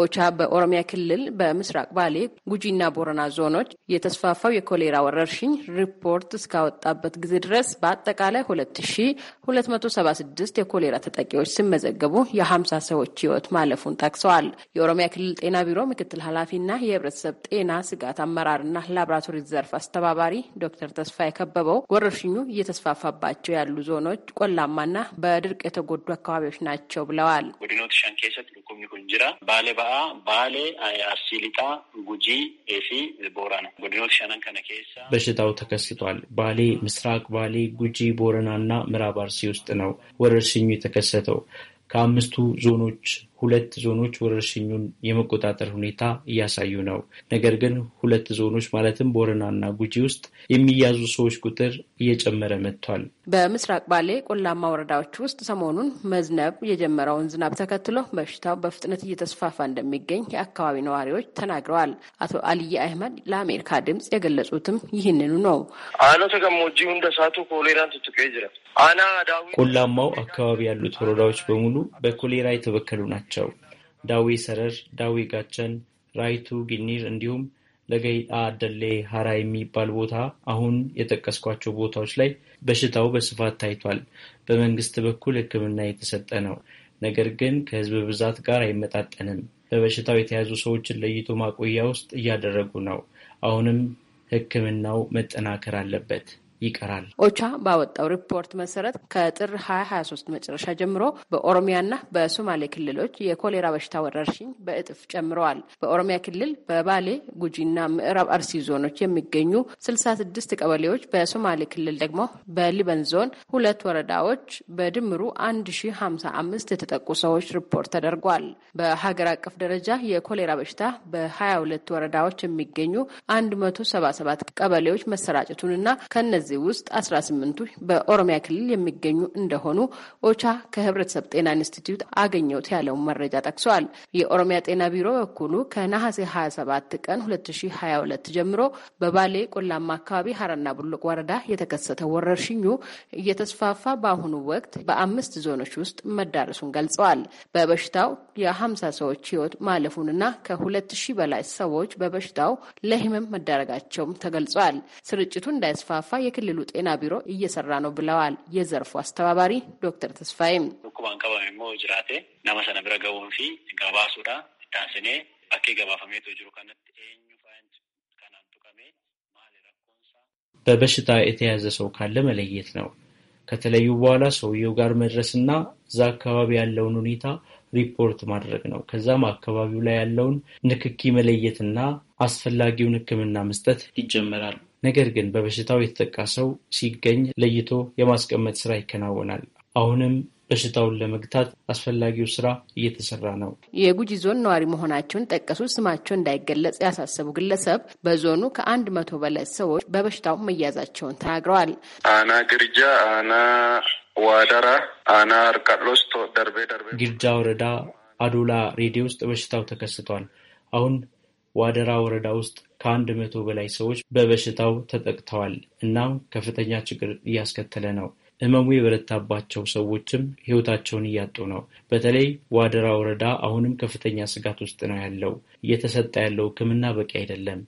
ኦቻ በኦሮሚያ ክልል በምስራቅ ባሌ፣ ጉጂና ቦረና ዞኖች የተስፋፋው የኮሌራ ወረርሽኝ ሪፖርት እስካወጣበት ጊዜ ድረስ በአጠቃላይ 2276 የኮሌራ ተጠቂዎች ሲመዘገቡ የ50 ሰዎች ህይወት ማለፉን ጠቅሰዋል። የኦሮሚያ ክልል ጤና ቢሮ ምክትል ኃላፊና የህብረተሰብ ጤና ስጋት አመራርና ላቦራቶሪ ዘርፍ አስተባባሪ ዶክተር ተስፋ የከበበው ወረርሽኙ እየተስፋፋባቸው ያሉ ዞኖች ዞኖች ቆላማና በድርቅ የተጎዱ አካባቢዎች ናቸው ብለዋል። በሽታው ተከስቷል። ባሌ፣ ምስራቅ ባሌ፣ ጉጂ፣ ቦረና እና ምዕራብ አርሲ ውስጥ ነው ወረርሽኙ የተከሰተው ከአምስቱ ዞኖች ሁለት ዞኖች ወረርሽኙን የመቆጣጠር ሁኔታ እያሳዩ ነው። ነገር ግን ሁለት ዞኖች ማለትም ቦረናና ጉጂ ውስጥ የሚያዙ ሰዎች ቁጥር እየጨመረ መጥቷል። በምስራቅ ባሌ ቆላማ ወረዳዎች ውስጥ ሰሞኑን መዝነብ የጀመረውን ዝናብ ተከትሎ በሽታው በፍጥነት እየተስፋፋ እንደሚገኝ የአካባቢ ነዋሪዎች ተናግረዋል። አቶ አልይ አህመድ ለአሜሪካ ድምጽ የገለጹትም ይህንኑ ነው። ቆላማው አካባቢ ያሉት ወረዳዎች በሙሉ በኮሌራ የተበከሉ ናቸው። ናቸው። ዳዊ ሰረር፣ ዳዊ ጋቸን፣ ራይቱ ጊኒር እንዲሁም ለገይጣ ደሌ ሀራ የሚባል ቦታ አሁን የጠቀስኳቸው ቦታዎች ላይ በሽታው በስፋት ታይቷል። በመንግስት በኩል ሕክምና የተሰጠ ነው። ነገር ግን ከህዝብ ብዛት ጋር አይመጣጠንም። በበሽታው የተያዙ ሰዎችን ለይቶ ማቆያ ውስጥ እያደረጉ ነው። አሁንም ሕክምናው መጠናከር አለበት። ይቀራል። ኦቻ ባወጣው ሪፖርት መሰረት ከጥር 2023 መጨረሻ ጀምሮ በኦሮሚያና በሶማሌ ክልሎች የኮሌራ በሽታ ወረርሽኝ በእጥፍ ጨምረዋል። በኦሮሚያ ክልል በባሌ ጉጂና ምዕራብ አርሲ ዞኖች የሚገኙ 66 ቀበሌዎች፣ በሶማሌ ክልል ደግሞ በሊበን ዞን ሁለት ወረዳዎች በድምሩ 1055 የተጠቁ ሰዎች ሪፖርት ተደርጓል። በሀገር አቀፍ ደረጃ የኮሌራ በሽታ በ22 ወረዳዎች የሚገኙ 177 ቀበሌዎች መሰራጨቱንና ከነዚህ ከነዚህ ውስጥ አስራ ስምንቱ በኦሮሚያ ክልል የሚገኙ እንደሆኑ ኦቻ ከህብረተሰብ ጤና ኢንስቲትዩት አገኘሁት ያለውን መረጃ ጠቅሰዋል። የኦሮሚያ ጤና ቢሮ በኩሉ ከነሐሴ 27 ቀን 2022 ጀምሮ በባሌ ቆላማ አካባቢ ሀረና ቡሎቅ ወረዳ የተከሰተ ወረርሽኙ እየተስፋፋ በአሁኑ ወቅት በአምስት ዞኖች ውስጥ መዳረሱን ገልጸዋል። በበሽታው የሀምሳ ሰዎች ህይወት ማለፉንና ከ2000 በላይ ሰዎች በበሽታው ለህመም መዳረጋቸውም ተገልጿል። ስርጭቱ እንዳይስፋፋ የክልል የክልሉ ጤና ቢሮ እየሰራ ነው ብለዋል የዘርፉ አስተባባሪ ዶክተር ተስፋይም ኩባን ቀባሚ ሞ ጅራቴ ናመሰነ ብረ ገቡን ፊ ዳንስኔ አኬ ከነት በበሽታ የተያዘ ሰው ካለ መለየት ነው። ከተለዩ በኋላ ሰውየው ጋር መድረስና እዛ አካባቢ ያለውን ሁኔታ ሪፖርት ማድረግ ነው። ከዛም አካባቢው ላይ ያለውን ንክኪ መለየትና አስፈላጊውን ሕክምና መስጠት ይጀመራል። ነገር ግን በበሽታው የተጠቃ ሰው ሲገኝ ለይቶ የማስቀመጥ ስራ ይከናወናል። አሁንም በሽታውን ለመግታት አስፈላጊው ስራ እየተሰራ ነው። የጉጂ ዞን ነዋሪ መሆናቸውን ጠቀሱ ስማቸው እንዳይገለጽ ያሳሰቡ ግለሰብ በዞኑ ከአንድ መቶ በላይ ሰዎች በበሽታው መያዛቸውን ተናግረዋል። አና ግርጃ አና ዋደራ አና አርቃሎስ ደርቤ ደርቤ ግርጃ ወረዳ አዶላ ሬዲዮ ውስጥ በሽታው ተከስቷል። አሁን ዋደራ ወረዳ ውስጥ ከአንድ መቶ በላይ ሰዎች በበሽታው ተጠቅተዋል። እናም ከፍተኛ ችግር እያስከተለ ነው። ህመሙ የበረታባቸው ሰዎችም ህይወታቸውን እያጡ ነው። በተለይ ዋደራ ወረዳ አሁንም ከፍተኛ ስጋት ውስጥ ነው ያለው። እየተሰጠ ያለው ህክምና በቂ አይደለም።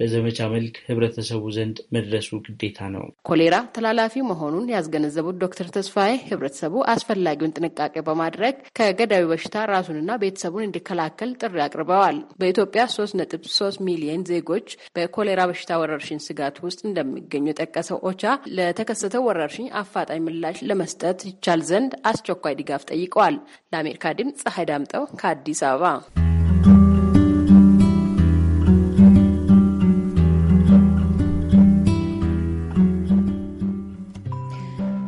በዘመቻ መልክ ህብረተሰቡ ዘንድ መድረሱ ግዴታ ነው። ኮሌራ ተላላፊ መሆኑን ያስገነዘቡት ዶክተር ተስፋዬ ህብረተሰቡ አስፈላጊውን ጥንቃቄ በማድረግ ከገዳዩ በሽታ ራሱንና ቤተሰቡን እንዲከላከል ጥሪ አቅርበዋል። በኢትዮጵያ 3.3 ሚሊዮን ዜጎች በኮሌራ በሽታ ወረርሽኝ ስጋት ውስጥ እንደሚገኙ የጠቀሰው ኦቻ ለተከሰተው ወረርሽኝ አፋጣኝ ምላሽ ለመስጠት ይቻል ዘንድ አስቸኳይ ድጋፍ ጠይቀዋል። ለአሜሪካ ድምፅ ፀሐይ ዳምጠው ከአዲስ አበባ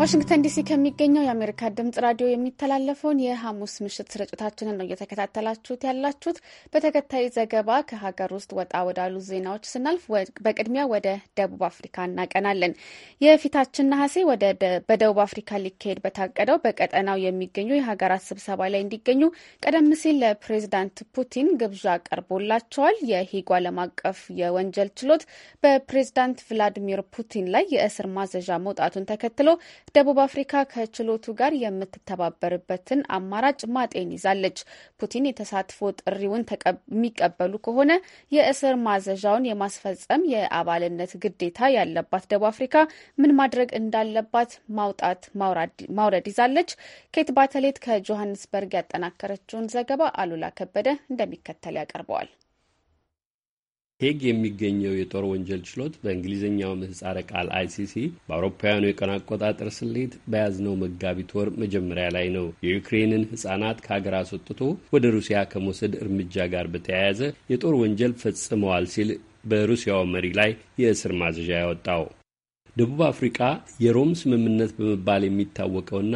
ዋሽንግተን ዲሲ ከሚገኘው የአሜሪካ ድምጽ ራዲዮ የሚተላለፈውን የሐሙስ ምሽት ስርጭታችንን ነው እየተከታተላችሁት ያላችሁት። በተከታይ ዘገባ ከሀገር ውስጥ ወጣ ወዳሉ ዜናዎች ስናልፍ በቅድሚያ ወደ ደቡብ አፍሪካ እናቀናለን። የፊታችን ነሐሴ በደቡብ አፍሪካ ሊካሄድ በታቀደው በቀጠናው የሚገኙ የሀገራት ስብሰባ ላይ እንዲገኙ ቀደም ሲል ለፕሬዚዳንት ፑቲን ግብዣ ቀርቦላቸዋል። የሄጉ ዓለም አቀፍ የወንጀል ችሎት በፕሬዚዳንት ቭላዲሚር ፑቲን ላይ የእስር ማዘዣ መውጣቱን ተከትሎ ደቡብ አፍሪካ ከችሎቱ ጋር የምትተባበርበትን አማራጭ ማጤን ይዛለች። ፑቲን የተሳትፎ ጥሪውን የሚቀበሉ ከሆነ የእስር ማዘዣውን የማስፈጸም የአባልነት ግዴታ ያለባት ደቡብ አፍሪካ ምን ማድረግ እንዳለባት ማውጣት ማውረድ ይዛለች። ኬት ባተሌት ከጆሀንስበርግ ያጠናከረችውን ዘገባ አሉላ ከበደ እንደሚከተል ያቀርበዋል። ሄግ የሚገኘው የጦር ወንጀል ችሎት በእንግሊዝኛው ምህጻረ ቃል አይሲሲ በአውሮፓውያኑ የቀን አቆጣጠር ስሌት በያዝነው መጋቢት ወር መጀመሪያ ላይ ነው የዩክሬንን ህጻናት ከሀገር አስወጥቶ ወደ ሩሲያ ከመውሰድ እርምጃ ጋር በተያያዘ የጦር ወንጀል ፈጽመዋል ሲል በሩሲያው መሪ ላይ የእስር ማዘዣ ያወጣው። ደቡብ አፍሪቃ የሮም ስምምነት በመባል የሚታወቀውና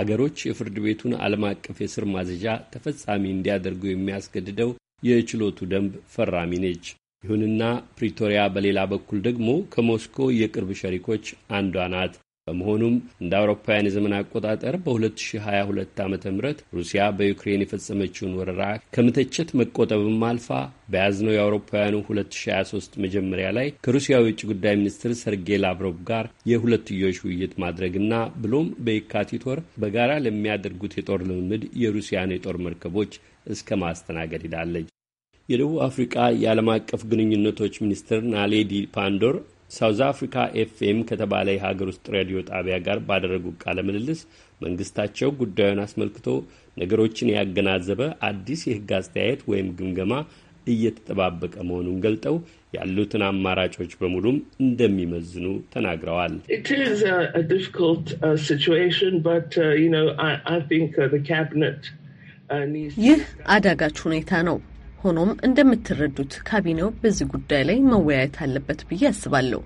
አገሮች የፍርድ ቤቱን ዓለም አቀፍ የእስር ማዘዣ ተፈጻሚ እንዲያደርጉ የሚያስገድደው የችሎቱ ደንብ ፈራሚ ነች። ይሁንና ፕሪቶሪያ በሌላ በኩል ደግሞ ከሞስኮ የቅርብ ሸሪኮች አንዷ ናት። በመሆኑም እንደ አውሮፓውያን የዘመን አቆጣጠር በ2022 ዓ ም ሩሲያ በዩክሬን የፈጸመችውን ወረራ ከምተቸት መቆጠብም አልፋ በያዝነው የአውሮፓውያኑ 2023 መጀመሪያ ላይ ከሩሲያ የውጭ ጉዳይ ሚኒስትር ሰርጌይ ላቭሮቭ ጋር የሁለትዮሽ ውይይት ማድረግና ብሎም በየካቲት ወር በጋራ ለሚያደርጉት የጦር ልምምድ የሩሲያን የጦር መርከቦች እስከ ማስተናገድ ሂዳለች። የደቡብ አፍሪካ የዓለም አቀፍ ግንኙነቶች ሚኒስትር ናሌዲ ፓንዶር ሳውዝ አፍሪካ ኤፍኤም ከተባለ የሀገር ውስጥ ሬዲዮ ጣቢያ ጋር ባደረጉት ቃለ ምልልስ መንግስታቸው ጉዳዩን አስመልክቶ ነገሮችን ያገናዘበ አዲስ የህግ አስተያየት ወይም ግምገማ እየተጠባበቀ መሆኑን ገልጠው ያሉትን አማራጮች በሙሉም እንደሚመዝኑ ተናግረዋል። ይህ አዳጋች ሁኔታ ነው። ሆኖም እንደምትረዱት ካቢኔው በዚህ ጉዳይ ላይ መወያየት አለበት ብዬ አስባለሁ።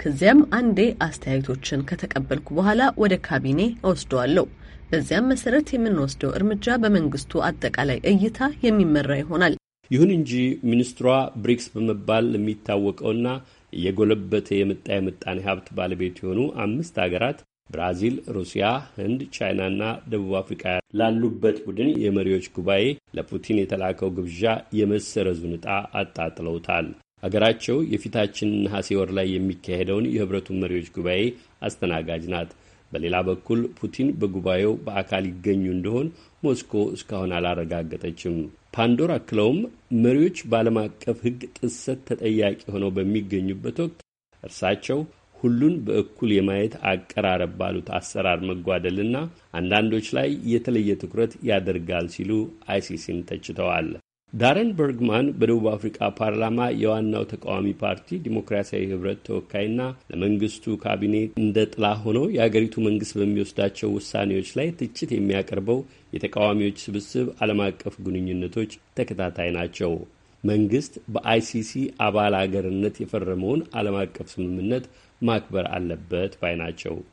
ከዚያም አንዴ አስተያየቶችን ከተቀበልኩ በኋላ ወደ ካቢኔ እወስደዋለሁ። በዚያም መሰረት የምንወስደው እርምጃ በመንግስቱ አጠቃላይ እይታ የሚመራ ይሆናል። ይሁን እንጂ ሚኒስትሯ ብሪክስ በመባል የሚታወቀውና የጎለበተ የመጣ የምጣኔ ሀብት ባለቤት የሆኑ አምስት ሀገራት ብራዚል፣ ሩሲያ፣ ህንድ፣ ቻይናና ደቡብ አፍሪካ ላሉበት ቡድን የመሪዎች ጉባኤ ለፑቲን የተላከው ግብዣ የመሰረዙን ዕጣ አጣጥለውታል። አገራቸው የፊታችን ነሐሴ ወር ላይ የሚካሄደውን የህብረቱን መሪዎች ጉባኤ አስተናጋጅ ናት። በሌላ በኩል ፑቲን በጉባኤው በአካል ይገኙ እንደሆን ሞስኮ እስካሁን አላረጋገጠችም። ፓንዶር አክለውም መሪዎች በዓለም አቀፍ ህግ ጥሰት ተጠያቂ ሆነው በሚገኙበት ወቅት እርሳቸው ሁሉን በእኩል የማየት አቀራረብ ባሉት አሰራር መጓደልና አንዳንዶች ላይ የተለየ ትኩረት ያደርጋል ሲሉ አይሲሲን ተችተዋል። ዳረን በርግማን በደቡብ አፍሪካ ፓርላማ የዋናው ተቃዋሚ ፓርቲ ዲሞክራሲያዊ ህብረት ተወካይና ለመንግስቱ ካቢኔ እንደ ጥላ ሆኖ የአገሪቱ መንግስት በሚወስዳቸው ውሳኔዎች ላይ ትችት የሚያቀርበው የተቃዋሚዎች ስብስብ ዓለም አቀፍ ግንኙነቶች ተከታታይ ናቸው። መንግስት በአይሲሲ አባል አገርነት የፈረመውን ዓለም አቀፍ ስምምነት ማክበር አለበት ባይ ናቸው። uh,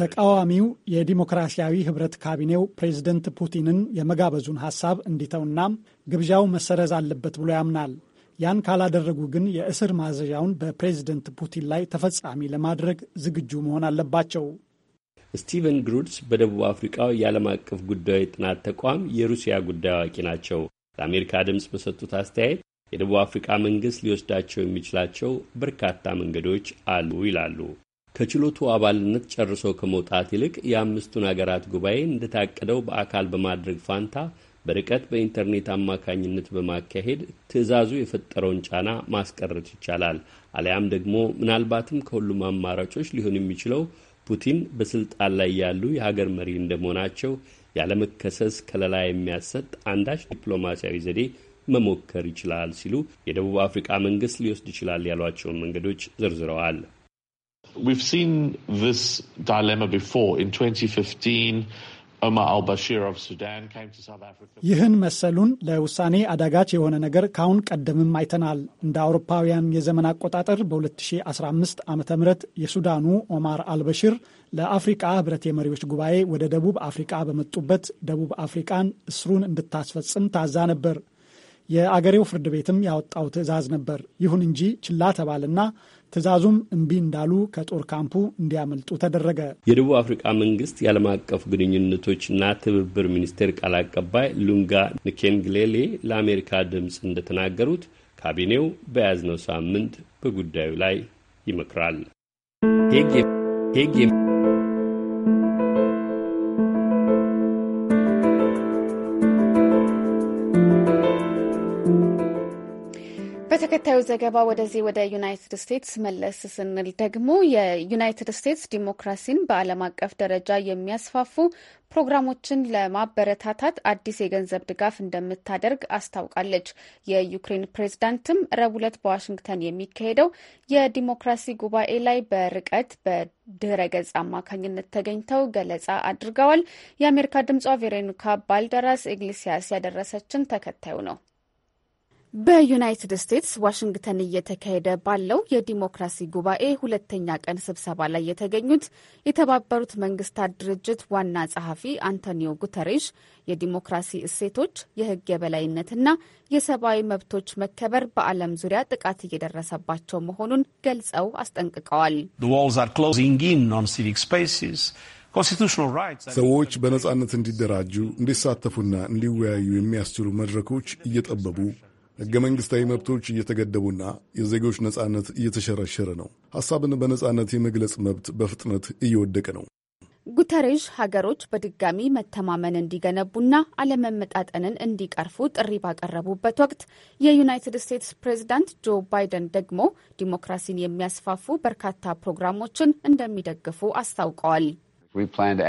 ተቃዋሚው የዲሞክራሲያዊ ህብረት ካቢኔው ፕሬዝደንት ፑቲንን የመጋበዙን ሀሳብ እንዲተውና ግብዣው መሰረዝ አለበት ብሎ ያምናል። ያን ካላደረጉ ግን የእስር ማዘዣውን በፕሬዝደንት ፑቲን ላይ ተፈጻሚ ለማድረግ ዝግጁ መሆን አለባቸው። ስቲቨን ግሩድስ በደቡብ አፍሪቃው የዓለም አቀፍ ጉዳዮች ጥናት ተቋም የሩሲያ ጉዳይ አዋቂ ናቸው። ለአሜሪካ ድምፅ በሰጡት አስተያየት የደቡብ አፍሪካ መንግስት ሊወስዳቸው የሚችላቸው በርካታ መንገዶች አሉ ይላሉ። ከችሎቱ አባልነት ጨርሶ ከመውጣት ይልቅ የአምስቱን አገራት ጉባኤ እንደታቀደው በአካል በማድረግ ፋንታ በርቀት በኢንተርኔት አማካኝነት በማካሄድ ትዕዛዙ የፈጠረውን ጫና ማስቀረት ይቻላል። አሊያም ደግሞ ምናልባትም ከሁሉም አማራጮች ሊሆን የሚችለው ፑቲን በስልጣን ላይ ያሉ የሀገር መሪ እንደመሆናቸው ያለመከሰስ ከለላ የሚያሰጥ አንዳች ዲፕሎማሲያዊ ዘዴ መሞከር ይችላል ሲሉ የደቡብ አፍሪካ መንግስት ሊወስድ ይችላል ያሏቸውን መንገዶች ዘርዝረዋል። We've seen this dilemma before. In 2015, Omar al-Bashir of Sudan came to South Africa. ይህን መሰሉን ለውሳኔ አዳጋች የሆነ ነገር ካሁን ቀደምም አይተናል። እንደ አውሮፓውያን የዘመን አቆጣጠር በ2015 ዓ ም የሱዳኑ ኦማር አልበሽር ለአፍሪቃ ህብረት የመሪዎች ጉባኤ ወደ ደቡብ አፍሪቃ በመጡበት ደቡብ አፍሪቃን እስሩን እንድታስፈጽም ታዛ ነበር። የአገሬው ፍርድ ቤትም ያወጣው ትዕዛዝ ነበር። ይሁን እንጂ ችላ ተባለና ትዕዛዙም እምቢ እንዳሉ ከጦር ካምፑ እንዲያመልጡ ተደረገ። የደቡብ አፍሪቃ መንግስት የዓለም አቀፍ ግንኙነቶችና ትብብር ሚኒስቴር ቃል አቀባይ ሉንጋ ንኬንግሌሌ ለአሜሪካ ድምፅ እንደተናገሩት ካቢኔው በያዝነው ሳምንት በጉዳዩ ላይ ይመክራል። ሄግ ተከታዩ ዘገባ ወደዚህ ወደ ዩናይትድ ስቴትስ መለስ ስንል ደግሞ የዩናይትድ ስቴትስ ዲሞክራሲን በዓለም አቀፍ ደረጃ የሚያስፋፉ ፕሮግራሞችን ለማበረታታት አዲስ የገንዘብ ድጋፍ እንደምታደርግ አስታውቃለች። የዩክሬን ፕሬዝዳንትም ረቡዕ ዕለት በዋሽንግተን የሚካሄደው የዲሞክራሲ ጉባኤ ላይ በርቀት በድህረ ገጽ አማካኝነት ተገኝተው ገለጻ አድርገዋል። የአሜሪካ ድምጿ ቬሮኒካ ባልደራስ ኢግሊሲያስ ያደረሰችን ተከታዩ ነው። በዩናይትድ ስቴትስ ዋሽንግተን እየተካሄደ ባለው የዲሞክራሲ ጉባኤ ሁለተኛ ቀን ስብሰባ ላይ የተገኙት የተባበሩት መንግስታት ድርጅት ዋና ጸሐፊ አንቶኒዮ ጉተሬሽ የዲሞክራሲ እሴቶች፣ የህግ የበላይነትና የሰብአዊ መብቶች መከበር በዓለም ዙሪያ ጥቃት እየደረሰባቸው መሆኑን ገልጸው አስጠንቅቀዋል። ሰዎች በነጻነት እንዲደራጁ እንዲሳተፉና እንዲወያዩ የሚያስችሉ መድረኮች እየጠበቡ ሕገ መንግሥታዊ መብቶች እየተገደቡና የዜጎች ነጻነት እየተሸረሸረ ነው። ሐሳብን በነጻነት የመግለጽ መብት በፍጥነት እየወደቀ ነው። ጉተሬዥ ሀገሮች በድጋሚ መተማመን እንዲገነቡና አለመመጣጠንን እንዲቀርፉ ጥሪ ባቀረቡበት ወቅት የዩናይትድ ስቴትስ ፕሬዝዳንት ጆ ባይደን ደግሞ ዲሞክራሲን የሚያስፋፉ በርካታ ፕሮግራሞችን እንደሚደግፉ አስታውቀዋል። ፕላን ቶ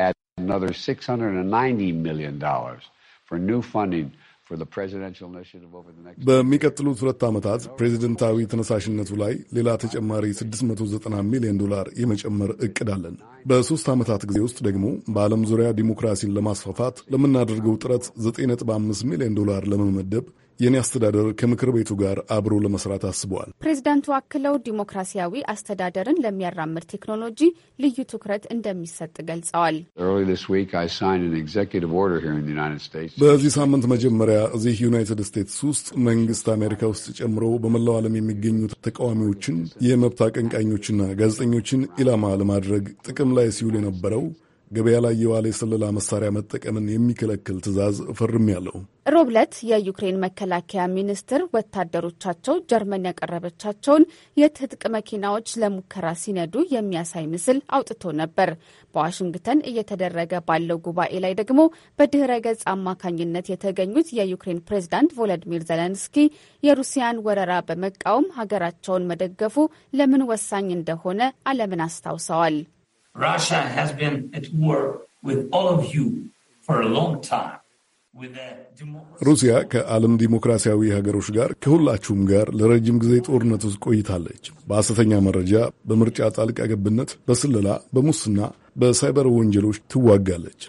አድ 690 ሚሊዮን በሚቀጥሉት ሁለት ዓመታት ፕሬዚደንታዊ ተነሳሽነቱ ላይ ሌላ ተጨማሪ 690 ሚሊዮን ዶላር የመጨመር እቅድ አለን። በሦስት ዓመታት ጊዜ ውስጥ ደግሞ በዓለም ዙሪያ ዲሞክራሲን ለማስፋፋት ለምናደርገው ጥረት 9.5 ሚሊዮን ዶላር ለመመደብ የኔ አስተዳደር ከምክር ቤቱ ጋር አብሮ ለመስራት አስበዋል። ፕሬዚዳንቱ አክለው ዲሞክራሲያዊ አስተዳደርን ለሚያራምድ ቴክኖሎጂ ልዩ ትኩረት እንደሚሰጥ ገልጸዋል። በዚህ ሳምንት መጀመሪያ እዚህ ዩናይትድ ስቴትስ ውስጥ መንግስት አሜሪካ ውስጥ ጨምሮ በመላው ዓለም የሚገኙ ተቃዋሚዎችን፣ የመብት አቀንቃኞችና ጋዜጠኞችን ኢላማ ለማድረግ ጥቅም ላይ ሲውል የነበረው ገበያ ላይ የዋለ የስለላ መሳሪያ መጠቀምን የሚከለክል ትዕዛዝ ፈርም ያለው ሮብለት የዩክሬን መከላከያ ሚኒስትር ወታደሮቻቸው ጀርመን ያቀረበቻቸውን የትጥቅ መኪናዎች ለሙከራ ሲነዱ የሚያሳይ ምስል አውጥቶ ነበር። በዋሽንግተን እየተደረገ ባለው ጉባኤ ላይ ደግሞ በድህረ ገጽ አማካኝነት የተገኙት የዩክሬን ፕሬዝዳንት ቮለዲሚር ዘለንስኪ የሩሲያን ወረራ በመቃወም ሀገራቸውን መደገፉ ለምን ወሳኝ እንደሆነ ዓለምን አስታውሰዋል። Russia has been at war with all of you for a long time. ሩሲያ ከዓለም ዲሞክራሲያዊ ሀገሮች ጋር ከሁላችሁም ጋር ለረጅም ጊዜ ጦርነት ውስጥ ቆይታለች። በሐሰተኛ መረጃ፣ በምርጫ ጣልቃ ገብነት፣ በስለላ፣ በሙስና፣ በሳይበር ወንጀሎች ትዋጋለች።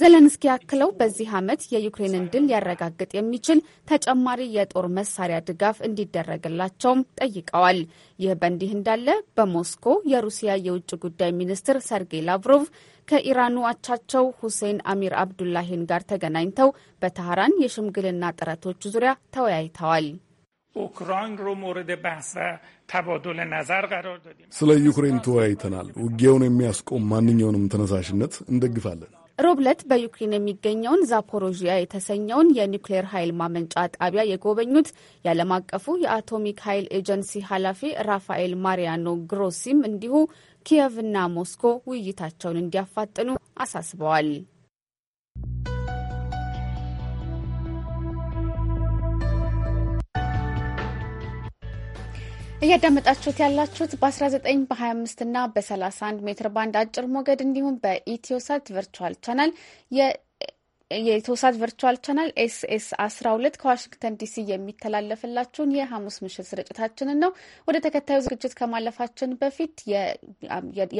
ዘለንስኪ ያክለው በዚህ ዓመት የዩክሬንን ድል ሊያረጋግጥ የሚችል ተጨማሪ የጦር መሳሪያ ድጋፍ እንዲደረግላቸውም ጠይቀዋል። ይህ በእንዲህ እንዳለ በሞስኮ የሩሲያ የውጭ ጉዳይ ሚኒስትር ሰርጌይ ላቭሮቭ ከኢራኑ አቻቸው ሁሴን አሚር አብዱላሂን ጋር ተገናኝተው በተህራን የሽምግልና ጥረቶች ዙሪያ ተወያይተዋል። ስለ ዩክሬን ተወያይተናል። ውጊያውን የሚያስቆም ማንኛውንም ተነሳሽነት እንደግፋለን። ሮብለት በዩክሬን የሚገኘውን ዛፖሮዥያ የተሰኘውን የኒውክሌር ኃይል ማመንጫ ጣቢያ የጎበኙት የዓለም አቀፉ የአቶሚክ ኃይል ኤጀንሲ ኃላፊ ራፋኤል ማሪያኖ ግሮሲም እንዲሁ ኪየቭና ሞስኮ ውይይታቸውን እንዲያፋጥኑ አሳስበዋል። እያዳመጣችሁት ያላችሁት በ19 በ25 እና በ31 ሜትር ባንድ አጭር ሞገድ እንዲሁም በኢትዮሳት ቨርቹዋል ቻናል የኢትዮሳት ቨርቹዋል ቻናል ኤስኤስ 12 ከዋሽንግተን ዲሲ የሚተላለፍላችሁን የሐሙስ ምሽት ስርጭታችንን ነው። ወደ ተከታዩ ዝግጅት ከማለፋችን በፊት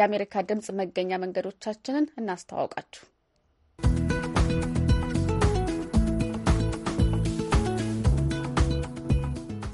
የአሜሪካ ድምፅ መገኛ መንገዶቻችንን እናስተዋውቃችሁ።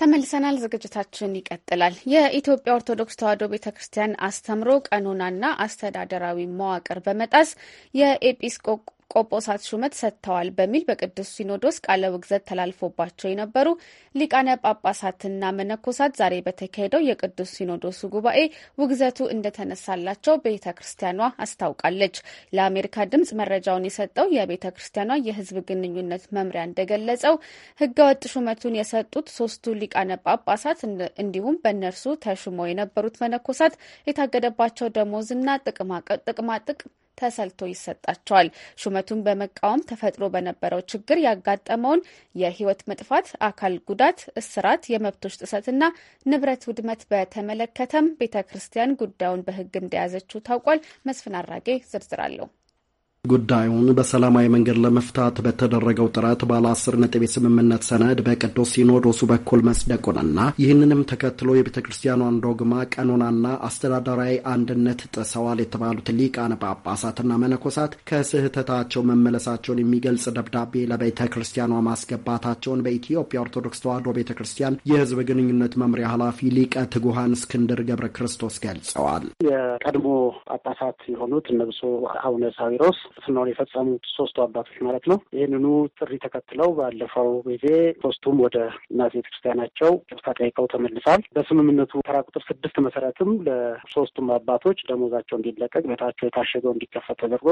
ተመልሰናል። ዝግጅታችን ይቀጥላል። የኢትዮጵያ ኦርቶዶክስ ተዋሕዶ ቤተ ክርስቲያን አስተምሮ ቀኖናና አስተዳደራዊ መዋቅር በመጣስ የኤጲስቆጶ ቆጶሳት ሹመት ሰጥተዋል በሚል በቅዱስ ሲኖዶስ ቃለ ውግዘት ተላልፎባቸው የነበሩ ሊቃነ ጳጳሳትና መነኮሳት ዛሬ በተካሄደው የቅዱስ ሲኖዶሱ ጉባኤ ውግዘቱ እንደተነሳላቸው ቤተ ክርስቲያኗ አስታውቃለች። ለአሜሪካ ድምጽ መረጃውን የሰጠው የቤተ ክርስቲያኗ የሕዝብ ግንኙነት መምሪያ እንደገለጸው ሕገወጥ ሹመቱን የሰጡት ሶስቱ ሊቃነ ጳጳሳት እንዲሁም በእነርሱ ተሹመው የነበሩት መነኮሳት የታገደባቸው ደሞዝና ጥቅማጥቅም ተሰልቶ ይሰጣቸዋል። ሹመቱን በመቃወም ተፈጥሮ በነበረው ችግር ያጋጠመውን የህይወት መጥፋት፣ አካል ጉዳት፣ እስራት፣ የመብቶች ጥሰትና ንብረት ውድመት በተመለከተም ቤተ ክርስቲያን ጉዳዩን በህግ እንደያዘችው ታውቋል። መስፍን አራጌ ዝርዝር አለው። ጉዳዩን በሰላማዊ መንገድ ለመፍታት በተደረገው ጥረት ባለ አስር ነጥብ የስምምነት ሰነድ በቅዱስ ሲኖዶሱ በኩል መጽደቁንና ይህንንም ተከትሎ የቤተ ክርስቲያኗን ዶግማ ቀኖናና አስተዳደራዊ አንድነት ጥሰዋል የተባሉት ሊቃነ ጳጳሳትና መነኮሳት ከስህተታቸው መመለሳቸውን የሚገልጽ ደብዳቤ ለቤተ ክርስቲያኗ ማስገባታቸውን በኢትዮጵያ ኦርቶዶክስ ተዋሕዶ ቤተ ክርስቲያን የሕዝብ ግንኙነት መምሪያ ኃላፊ ሊቀ ትጉሃን እስክንድር ገብረ ክርስቶስ ገልጸዋል። የቀድሞ ጳጳሳት የሆኑት ነብሶ አቡነ ሳዊሮስ ቅስናውን የፈጸሙት ሶስቱ አባቶች ማለት ነው። ይህንኑ ጥሪ ተከትለው ባለፈው ጊዜ ሶስቱም ወደ እናት ቤተክርስቲያናቸው ቅርታ ጠይቀው ተመልሳል። በስምምነቱ ተራ ቁጥር ስድስት መሰረትም ለሶስቱም አባቶች ደሞዛቸው እንዲለቀቅ ቤታቸው የታሸገው እንዲከፈት ተደርጎ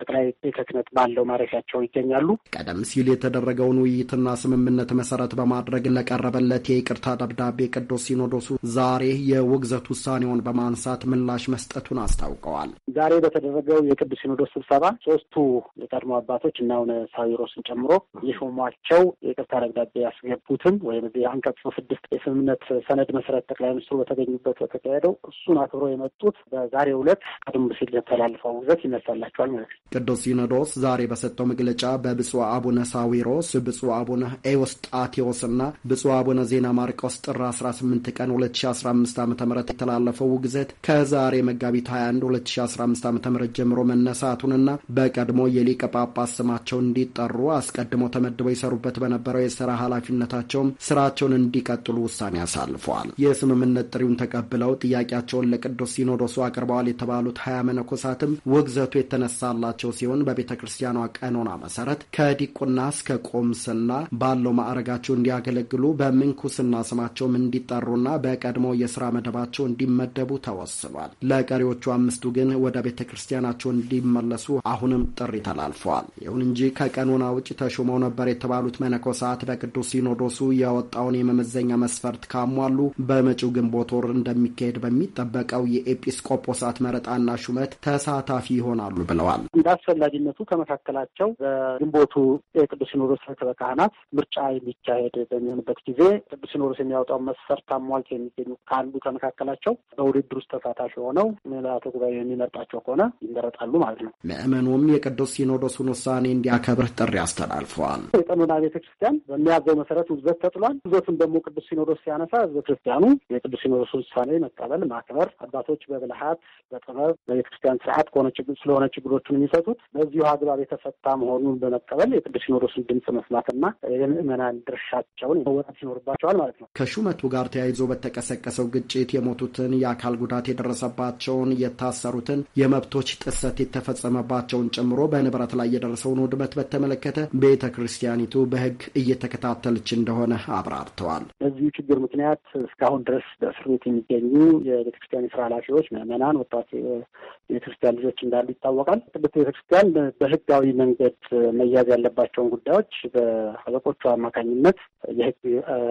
ጠቅላይ ቤተ ክህነት ባለው ማረፊያቸው ይገኛሉ። ቀደም ሲል የተደረገውን ውይይትና ስምምነት መሰረት በማድረግ ለቀረበለት የይቅርታ ደብዳቤ ቅዱስ ሲኖዶሱ ዛሬ የውግዘት ውሳኔውን በማንሳት ምላሽ መስጠቱን አስታውቀዋል። ዛሬ በተደረገው የቅዱስ ሲኖዶስ ስብሰባ ሶስቱ የቀድሞ አባቶች እና አቡነ ሳዊሮስን ጨምሮ የሾሟቸው የቅርታ ደብዳቤ ያስገቡትን ወይም አንቀጽ ስድስት የስምምነት ሰነድ መሰረት ጠቅላይ ሚኒስትሩ በተገኙበት በተካሄደው እሱን አክብሮ የመጡት በዛሬው ዕለት ቀደም ሲል የተላልፈው ውዘት ይነሳላቸዋል ማለት ነው። ቅዱስ ሲኖዶስ ዛሬ በሰጠው መግለጫ በብፁዕ አቡነ ሳዊሮስ፣ ብፁዕ አቡነ ኤዎስጣቴዎስ እና ብፁዕ አቡነ ዜና ማርቆስ ጥር 18 ቀን 2015 ዓ ም የተላለፈው ውግዘት ከዛሬ መጋቢት 21 2015 ዓ ም ጀምሮ መነሳቱንና በቀድሞ የሊቀ ጳጳስ ስማቸው እንዲጠሩ አስቀድሞ ተመድበው ይሰሩበት በነበረው የስራ ኃላፊነታቸውም ስራቸውን እንዲቀጥሉ ውሳኔ አሳልፈዋል። የስምምነት ጥሪውን ተቀብለው ጥያቄያቸውን ለቅዱስ ሲኖዶሱ አቅርበዋል የተባሉት ሀያ መነኮሳትም ውግዘቱ የተነሳላቸው ሲሆን በቤተ ክርስቲያኗ ቀኖና መሰረት ከዲቁና እስከ ቆምስና ባለው ማዕረጋቸው እንዲያገለግሉ በምንኩስና ስማቸውም እንዲጠሩና በቀድሞ የስራ መደባቸው እንዲመደቡ ተወስኗል። ለቀሪዎቹ አምስቱ ግን ወደ ቤተ ክርስቲያናቸው እንዲመለሱ አሁንም ጥሪ ተላልፈዋል። ይሁን እንጂ ከቀኖና ውጭ ተሹመው ነበር የተባሉት መነኮሳት በቅዱስ ሲኖዶሱ ያወጣውን የመመዘኛ መስፈርት ካሟሉ በመጪው ግንቦት ወር እንደሚካሄድ በሚጠበቀው የኤጲስቆጶሳት መረጣና ሹመት ተሳታፊ ይሆናሉ ብለዋል። እንደ አስፈላጊነቱ ከመካከላቸው በግንቦቱ የቅዱስ ሲኖዶስ ርክበ ካህናት ምርጫ የሚካሄድ በሚሆንበት ጊዜ ቅዱስ ሲኖዶስ የሚያወጣውን መስፈርት አሟልተው የሚገኙ ካሉ ከመካከላቸው በውድድር ውስጥ ተሳታፊ ሆነው ምልዓተ ጉባኤ የሚመርጣቸው ከሆነ ይመረጣሉ ማለት ነው። ምእመኑ ሆኖም የቅዱስ ሲኖዶሱን ውሳኔ እንዲያከብር ጥሪ አስተላልፈዋል። የቀኖና ቤተ ክርስቲያን በሚያዘው መሰረት ውዘት ተጥሏል። ውግዘቱን ደግሞ ቅዱስ ሲኖዶስ ሲያነሳ ህዝበ ክርስቲያኑ የቅዱስ ሲኖዶሱን ውሳኔ መቀበል፣ ማክበር አባቶች በብልሃት በጥበብ በቤተ ክርስቲያን ስርዓት ከሆነ ስለሆነ ችግሮቹን የሚፈቱት በዚሁ አግባብ የተፈታ መሆኑን በመቀበል የቅዱስ ሲኖዶሱን ድምፅ መስማትና የምእመናን ድርሻቸውን መወጣት ይኖርባቸዋል ማለት ነው። ከሹመቱ ጋር ተያይዞ በተቀሰቀሰው ግጭት የሞቱትን፣ የአካል ጉዳት የደረሰባቸውን፣ የታሰሩትን፣ የመብቶች ጥሰት የተፈጸመባቸው መኖራቸውን ጨምሮ በንብረት ላይ የደረሰውን ውድመት በተመለከተ ቤተ ክርስቲያኒቱ በህግ እየተከታተለች እንደሆነ አብራርተዋል። በዚሁ ችግር ምክንያት እስካሁን ድረስ በእስር ቤት የሚገኙ የቤተ ክርስቲያን ስራ ኃላፊዎች፣ ምዕመናን፣ ወጣት የቤተ ክርስቲያን ልጆች እንዳሉ ይታወቃል። ቅድስት ቤተ ክርስቲያን በህጋዊ መንገድ መያዝ ያለባቸውን ጉዳዮች በአለቆቹ አማካኝነት የህግ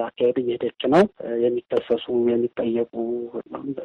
አካሄድ እየሄደች ነው። የሚከሰሱ የሚጠየቁ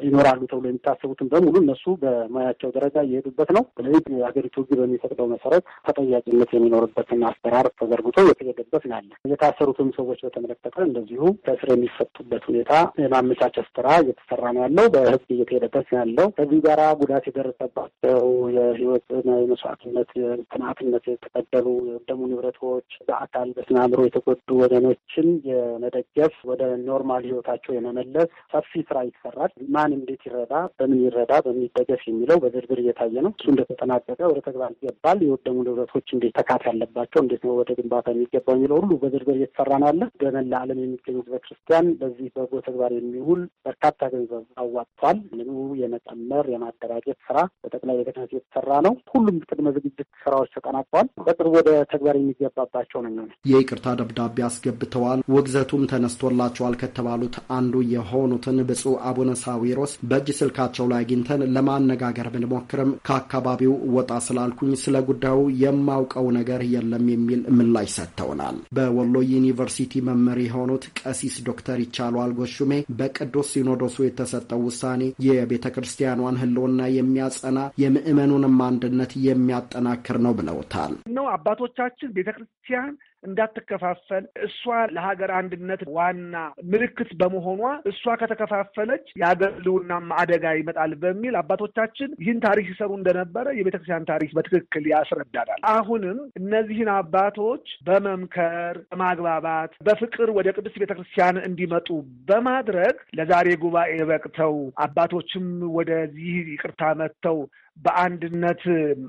ይኖራሉ ተብሎ የሚታሰቡትን በሙሉ እነሱ በሙያቸው ደረጃ እየሄዱበት ነው። ስለዚህ ሀገሪቱ በሚፈቅደው መሰረት ተጠያቂነት የሚኖርበትን አሰራር ተዘርግቶ የተሄደበት ናለ። የታሰሩትም ሰዎች በተመለከተ እንደዚሁ ከእስር የሚፈቱበት ሁኔታ የማመቻቸት ስራ እየተሰራ ነው ያለው፣ በህግ እየተሄደበት ያለው። ከዚህ ጋራ ጉዳት የደረሰባቸው የህይወት መስዋዕትነት፣ ጥናትነት የተቀደሉ የወደሙ ንብረቶች፣ በአካል በስነ አእምሮ የተጎዱ ወገኖችን የመደገፍ ወደ ኖርማል ህይወታቸው የመመለስ ሰፊ ስራ ይሰራል። ማን እንዴት ይረዳ፣ በምን ይረዳ፣ በሚደገፍ የሚለው በዝርዝር እየታየ ነው። እሱ እንደተጠናቀቀ ወደ ተግባ ሊባል ይገባል። የወደሙ ንብረቶች እንዴት ተካት ያለባቸው እንዴት ነው ወደ ግንባታ የሚገባው የሚለው ሁሉ በዝርዝር እየተሰራ ነው ያለ። በመላ ዓለም የሚገኙ ህዝበ ክርስቲያን በዚህ በጎ ተግባር የሚውል በርካታ ገንዘብ አዋጥቷል። ምኑ የመጠመር የማደራጀት ስራ በጠቅላይ ቤተ ክህነት እየተሰራ ነው። ሁሉም ቅድመ ዝግጅት ስራዎች ተጠናቀዋል። በቅርቡ ወደ ተግባር የሚገባባቸው ነው የሚሆነ። የይቅርታ ደብዳቤ አስገብተዋል። ውግዘቱም ተነስቶላቸዋል ከተባሉት አንዱ የሆኑትን ብፁዕ አቡነ ሳዊሮስ በእጅ ስልካቸው ላይ አግኝተን ለማነጋገር ብንሞክርም ከአካባቢው ወጣ ስላል ስላልኩኝ ስለ ጉዳዩ የማውቀው ነገር የለም የሚል ምላሽ ሰጥተውናል። በወሎ ዩኒቨርሲቲ መምህር የሆኑት ቀሲስ ዶክተር ይቻሉ አልጎሹሜ በቅዱስ ሲኖዶሱ የተሰጠው ውሳኔ የቤተ ክርስቲያኗን ሕልውና የሚያጸና የምእመኑንም አንድነት የሚያጠናክር ነው ብለውታል። ነው አባቶቻችን ቤተ ክርስቲያን እንዳትከፋፈል እሷ ለሀገር አንድነት ዋና ምልክት በመሆኗ እሷ ከተከፋፈለች የሀገር ልውናም አደጋ ይመጣል በሚል አባቶቻችን ይህን ታሪክ ሲሰሩ እንደነበረ የቤተክርስቲያን ታሪክ በትክክል ያስረዳናል። አሁንም እነዚህን አባቶች በመምከር በማግባባት በፍቅር ወደ ቅድስት ቤተክርስቲያን እንዲመጡ በማድረግ ለዛሬ ጉባኤ በቅተው አባቶችም ወደዚህ ይቅርታ መጥተው በአንድነት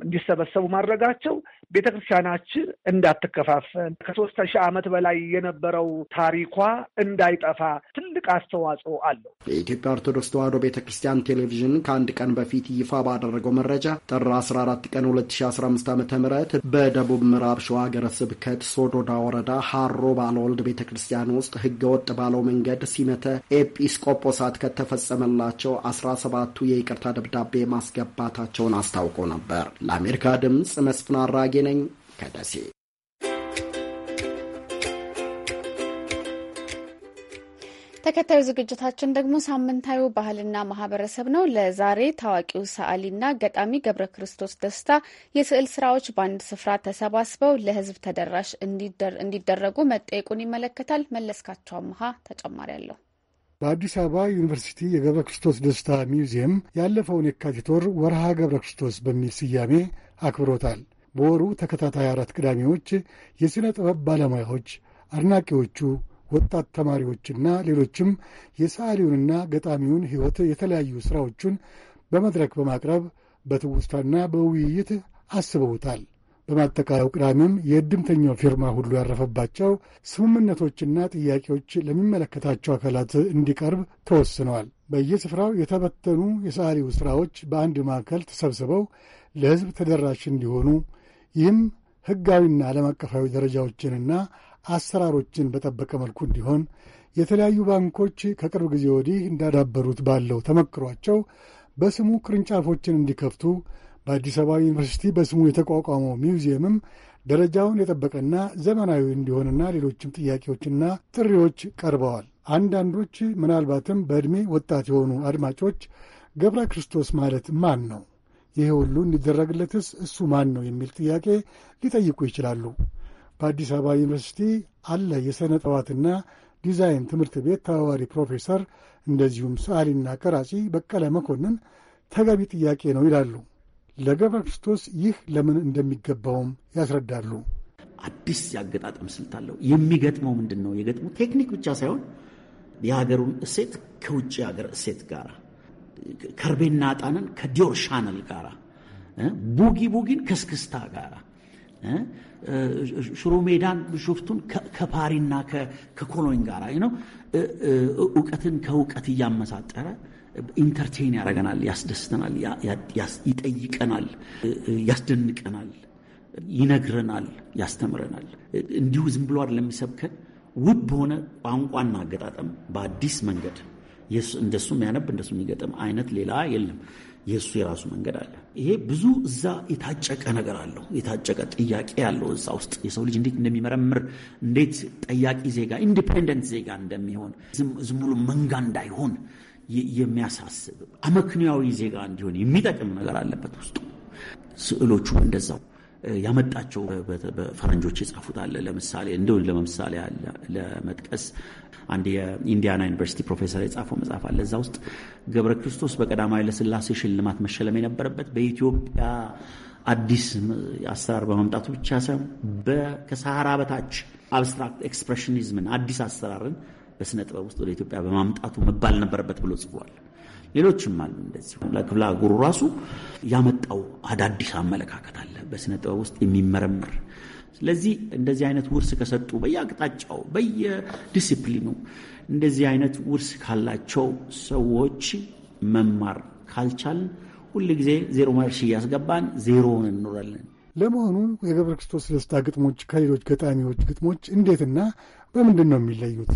እንዲሰበሰቡ ማድረጋቸው ቤተክርስቲያናችን እንዳትከፋፈል ከሶስት ሺህ ዓመት በላይ የነበረው ታሪኳ እንዳይጠፋ ትልቅ አስተዋጽኦ አለው። የኢትዮጵያ ኦርቶዶክስ ተዋሕዶ ቤተክርስቲያን ቴሌቪዥን ከአንድ ቀን በፊት ይፋ ባደረገው መረጃ ጥር 14 ቀን 2015 ዓ ም በደቡብ ምዕራብ ሸዋ ሀገረ ስብከት ሶዶዳ ወረዳ ሀሮ ባለወልድ ቤተክርስቲያን ውስጥ ህገወጥ ባለው መንገድ ሲመተ ኤጲስቆጶሳት ከተፈጸመላቸው 17ቱ የይቅርታ ደብዳቤ ማስገባታቸው መሆናቸውን አስታውቆ ነበር። ለአሜሪካ ድምፅ መስፍን አራጌ ነኝ ከደሴ። ተከታዩ ዝግጅታችን ደግሞ ሳምንታዊ ባህልና ማህበረሰብ ነው። ለዛሬ ታዋቂው ሰዓሊና ገጣሚ ገብረ ክርስቶስ ደስታ የስዕል ስራዎች በአንድ ስፍራ ተሰባስበው ለሕዝብ ተደራሽ እንዲደረጉ መጠየቁን ይመለከታል። መለስካቸው አምሃ ተጨማሪ አለው። በአዲስ አበባ ዩኒቨርሲቲ የገብረ ክርስቶስ ደስታ ሚውዚየም ያለፈውን የካቲት ወር ወርሃ ገብረ ክርስቶስ በሚል ስያሜ አክብሮታል። በወሩ ተከታታይ አራት ቅዳሜዎች የሥነ ጥበብ ባለሙያዎች፣ አድናቂዎቹ፣ ወጣት ተማሪዎችና ሌሎችም የሰዓሊውንና ገጣሚውን ሕይወት የተለያዩ ሥራዎቹን በመድረክ በማቅረብ በትውስታና በውይይት አስበውታል። በማጠቃለያው ቅዳሜም የእድምተኛው ፊርማ ሁሉ ያረፈባቸው ስምምነቶችና ጥያቄዎች ለሚመለከታቸው አካላት እንዲቀርብ ተወስነዋል። በየስፍራው የተበተኑ የሰዓሊው ሥራዎች በአንድ ማዕከል ተሰብስበው ለሕዝብ ተደራሽ እንዲሆኑ ይህም ሕጋዊና ዓለም አቀፋዊ ደረጃዎችንና አሰራሮችን በጠበቀ መልኩ እንዲሆን የተለያዩ ባንኮች ከቅርብ ጊዜ ወዲህ እንዳዳበሩት ባለው ተመክሯቸው በስሙ ቅርንጫፎችን እንዲከፍቱ በአዲስ አበባ ዩኒቨርሲቲ በስሙ የተቋቋመው ሚውዚየምም ደረጃውን የጠበቀና ዘመናዊ እንዲሆንና ሌሎችም ጥያቄዎችና ጥሪዎች ቀርበዋል። አንዳንዶች ምናልባትም በዕድሜ ወጣት የሆኑ አድማጮች ገብረ ክርስቶስ ማለት ማን ነው? ይሄ ሁሉ እንዲደረግለትስ እሱ ማን ነው? የሚል ጥያቄ ሊጠይቁ ይችላሉ። በአዲስ አበባ ዩኒቨርሲቲ አለ የሥነ ጥበባትና ዲዛይን ትምህርት ቤት ተባባሪ ፕሮፌሰር እንደዚሁም ሰዓሊና ቀራጺ በቀለ መኮንን ተገቢ ጥያቄ ነው ይላሉ። ለገብረ ክርስቶስ ይህ ለምን እንደሚገባውም ያስረዳሉ። አዲስ የአገጣጠም ስልት አለው። የሚገጥመው ምንድን ነው? የገጥሙ ቴክኒክ ብቻ ሳይሆን የሀገሩን እሴት ከውጭ ሀገር እሴት ጋር፣ ከርቤና ዕጣንን ከዲዮር ሻነል ጋር፣ ቡጊ ቡጊን ከስክስታ ጋር፣ ሽሮ ሜዳን ብሾፍቱን ከፓሪና ከኮሎኝ ጋር ነው እውቀትን ከእውቀት እያመሳጠረ ኢንተርቴን ያደርገናል፣ ያስደስተናል፣ ይጠይቀናል፣ ያስደንቀናል፣ ይነግረናል፣ ያስተምረናል። እንዲሁ ዝም ብሎ አይደለም የሚሰብከን ውብ በሆነ ቋንቋና አገጣጠም በአዲስ መንገድ እንደሱ የሚያነብ እንደሱ የሚገጥም አይነት ሌላ የለም። የእሱ የራሱ መንገድ አለ። ይሄ ብዙ እዛ የታጨቀ ነገር አለው፣ የታጨቀ ጥያቄ ያለው እዛ ውስጥ የሰው ልጅ እንዴት እንደሚመረምር እንዴት ጠያቂ ዜጋ ኢንዲፔንደንት ዜጋ እንደሚሆን ዝም ብሎ መንጋ እንዳይሆን የሚያሳስብ አመክንያዊ ዜጋ እንዲሆን የሚጠቅም ነገር አለበት ውስጡ። ስዕሎቹ እንደዛው ያመጣቸው በፈረንጆች የጻፉት አለ። ለምሳሌ እንደው ለምሳሌ ለመጥቀስ አንድ የኢንዲያና ዩኒቨርሲቲ ፕሮፌሰር የጻፈው መጽሐፍ አለ። እዛ ውስጥ ገብረ ክርስቶስ በቀዳማዊ ለስላሴ ሽልማት መሸለም የነበረበት በኢትዮጵያ አዲስ አሰራር በመምጣቱ ብቻ ሳይሆን ከሰሃራ በታች አብስትራክት ኤክስፕሬሽኒዝምን አዲስ አሰራርን በስነ ጥበብ ውስጥ ወደ ኢትዮጵያ በማምጣቱ መባል ነበረበት ብሎ ጽፏል። ሌሎችም አሉ እንደዚህ ለክፍለ አህጉሩ ራሱ ያመጣው አዳዲስ አመለካከት አለ በስነ ጥበብ ውስጥ የሚመረምር ስለዚህ እንደዚህ አይነት ውርስ ከሰጡ በየአቅጣጫው በየዲሲፕሊኑ እንደዚህ አይነት ውርስ ካላቸው ሰዎች መማር ካልቻልን ሁልጊዜ ዜሮ መርሽ እያስገባን ዜሮውን እንኖራለን። ለመሆኑ የገብረ ክርስቶስ ደስታ ግጥሞች ከሌሎች ገጣሚዎች ግጥሞች እንዴትና በምንድን ነው የሚለዩት?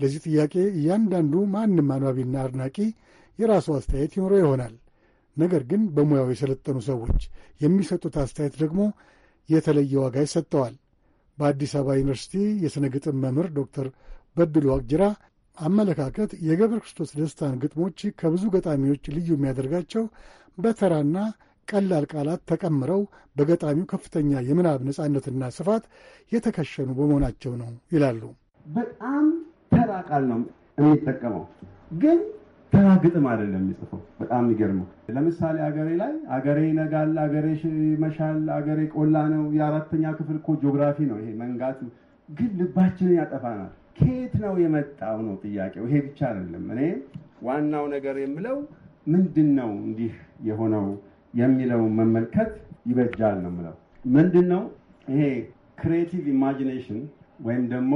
ለዚህ ጥያቄ እያንዳንዱ ማንም አንባቢና አድናቂ የራሱ አስተያየት ይኖረው ይሆናል። ነገር ግን በሙያው የሰለጠኑ ሰዎች የሚሰጡት አስተያየት ደግሞ የተለየ ዋጋ ይሰጠዋል። በአዲስ አበባ ዩኒቨርሲቲ የሥነ ግጥም መምህር ዶክተር በድሉ ዋቅጅራ አመለካከት የገብረ ክርስቶስ ደስታን ግጥሞች ከብዙ ገጣሚዎች ልዩ የሚያደርጋቸው በተራና ቀላል ቃላት ተቀምረው በገጣሚው ከፍተኛ የምናብ ነጻነትና ስፋት የተከሸኑ በመሆናቸው ነው ይላሉ። በጣም ተራ ቃል ነው የሚጠቀመው፣ ግን ተራ ግጥም አይደለም የሚጽፈው። በጣም የሚገርመው ለምሳሌ አገሬ ላይ አገሬ ይነጋል፣ አገሬ መሻል፣ አገሬ ቆላ ነው። የአራተኛ ክፍል እኮ ጂኦግራፊ ነው ይሄ መንጋቱ፣ ግን ልባችንን ያጠፋናል። ከየት ነው የመጣው ነው ጥያቄው። ይሄ ብቻ አይደለም። እኔ ዋናው ነገር የምለው ምንድን ነው እንዲህ የሆነው የሚለው መመልከት ይበጃል ነው የምለው። ምንድን ነው ይሄ ክሬቲቭ ኢማጂኔሽን ወይም ደግሞ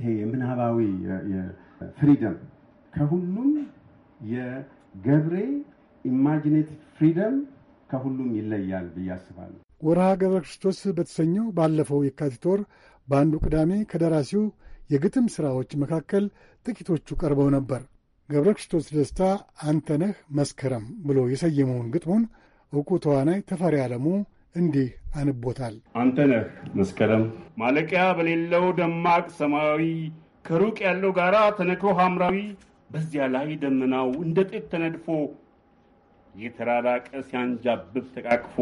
ይሄ የምናባዊ ፍሪደም ከሁሉም የገብሬ ኢማጂኔት ፍሪደም ከሁሉም ይለያል ብዬ አስባለሁ። ወርሃ ገብረ ክርስቶስ በተሰኘው ባለፈው የካቲት ወር በአንዱ ቅዳሜ ከደራሲው የግጥም ሥራዎች መካከል ጥቂቶቹ ቀርበው ነበር። ገብረ ክርስቶስ ደስታ አንተነህ መስከረም ብሎ የሰየመውን ግጥሙን ዕውቁ ተዋናይ ተፈሪ ዓለሙ እንዲህ አንቦታል። አንተነህ መስከረም ማለቂያ በሌለው ደማቅ ሰማያዊ ከሩቅ ያለው ጋራ ተነክሮ ሐምራዊ በዚያ ላይ ደመናው እንደ ጥጥ ተነድፎ የተራራቀ ሲያንጃብብ ተቃቅፎ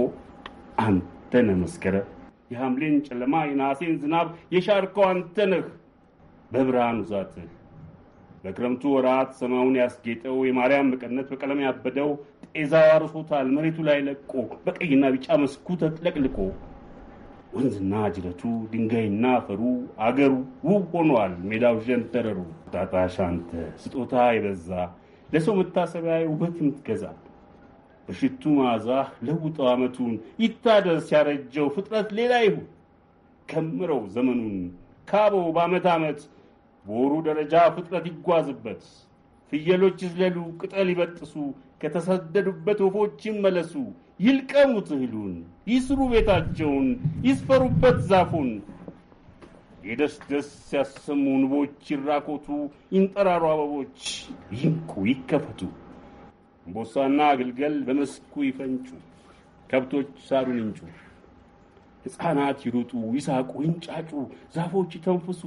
አንተነህ መስከረም የሐምሌን ጨለማ የነሐሴን ዝናብ የሻርከው አንተነህ በብርሃን ውዛትህ በክረምቱ ወራት ሰማዩን ያስጌጠው የማርያም መቀነት በቀለም ያበደው ጤዛ አርሶታል። መሬቱ ላይ ለቆ በቀይና ቢጫ መስኩ ተጥለቅልቆ ወንዝና ጅረቱ ድንጋይና አፈሩ አገሩ ውብ ሆኗል ሜዳው ሸንተረሩ። ጣጣሽ አንተ ስጦታ የበዛ ለሰው መታሰቢያ ውበት የምትገዛ በሽቱ መዓዛ ለውጠው ዓመቱን ይታደስ ያረጀው ፍጥረት ሌላ ይሁን ከምረው ዘመኑን ካበው በዓመት ዓመት በወሩ ደረጃ ፍጥነት ይጓዝበት፣ ፍየሎች ይዝለሉ፣ ቅጠል ይበጥሱ፣ ከተሰደዱበት ወፎች ይመለሱ፣ ይልቀሙት እህሉን፣ ይስሩ ቤታቸውን፣ ይስፈሩበት ዛፉን፣ የደስ ደስ ያሰሙ ንቦች ይራኮቱ፣ ይንጠራሩ አበቦች፣ ይንቁ፣ ይከፈቱ፣ እምቦሳና ግልገል በመስኩ ይፈንጩ፣ ከብቶች ሳሩን ይንጩ፣ ሕፃናት ይሩጡ፣ ይሳቁ፣ ይንጫጩ፣ ዛፎች ይተንፍሱ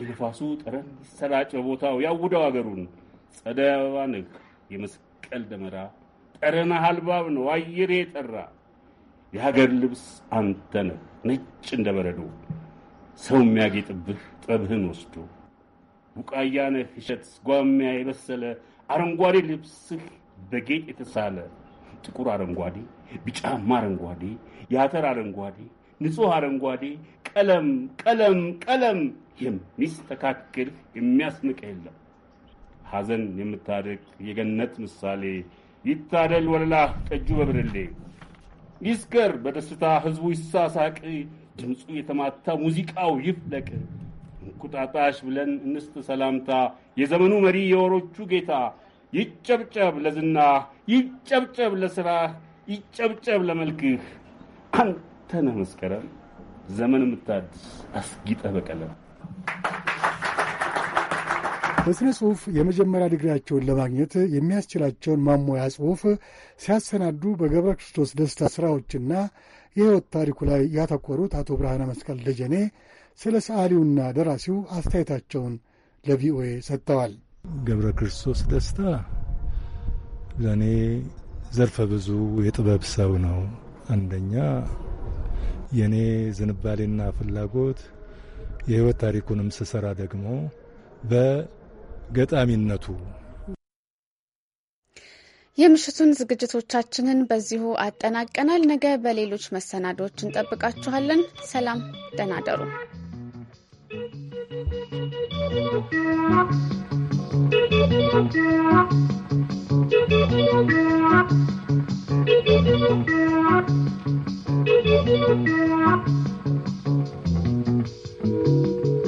የነፋሱ ጠረን ይሰራጭ በቦታው ያውደው አገሩን ጸደባ አበባ ንግ የመስቀል ደመራ ጠረና አልባብ ነው አየር የጠራ የሀገር ልብስ አንተ ነህ ነጭ እንደ በረዶ ሰው የሚያጌጥብህ ጥበብህን ወስዶ ቡቃያ ነህ እሸት ጓሚያ የበሰለ አረንጓዴ ልብስህ በጌጥ የተሳለ ጥቁር አረንጓዴ፣ ቢጫማ አረንጓዴ፣ የአተር አረንጓዴ ንጹህ አረንጓዴ ቀለም ቀለም ቀለም የሚስተካክል የሚያስንቅ የለም። ሐዘን የምታደርግ የገነት ምሳሌ ይታደል ወለላ ጠጁ በብርሌ ይስከር በደስታ ሕዝቡ ይሳሳቅ ድምፁ የተማታ ሙዚቃው ይፍለቅ። እንቁጣጣሽ ብለን እንስት ሰላምታ የዘመኑ መሪ የወሮቹ ጌታ ይጨብጨብ ለዝና ይጨብጨብ ለስራ ይጨብጨብ ለመልክህ አንተ አንተነህ መስከረም ዘመን የምታድስ አስጊጠ በቀለም በሥነ ጽሑፍ የመጀመሪያ ዲግሪያቸውን ለማግኘት የሚያስችላቸውን ማሞያ ጽሑፍ ሲያሰናዱ በገብረ ክርስቶስ ደስታ ሥራዎችና የሕይወት ታሪኩ ላይ ያተኮሩት አቶ ብርሃነ መስቀል ደጀኔ ስለ ሰዓሊውና ደራሲው አስተያየታቸውን ለቪኦኤ ሰጥተዋል። ገብረ ክርስቶስ ደስታ ለእኔ ዘርፈ ብዙ የጥበብ ሰው ነው። አንደኛ የእኔ ዝንባሌና ፍላጎት የህይወት ታሪኩንም ስሰራ ደግሞ በገጣሚነቱ የምሽቱን ዝግጅቶቻችንን በዚሁ አጠናቀናል። ነገ በሌሎች መሰናዶዎች እንጠብቃችኋለን። ሰላም፣ ደህና ደሩ። Thank you.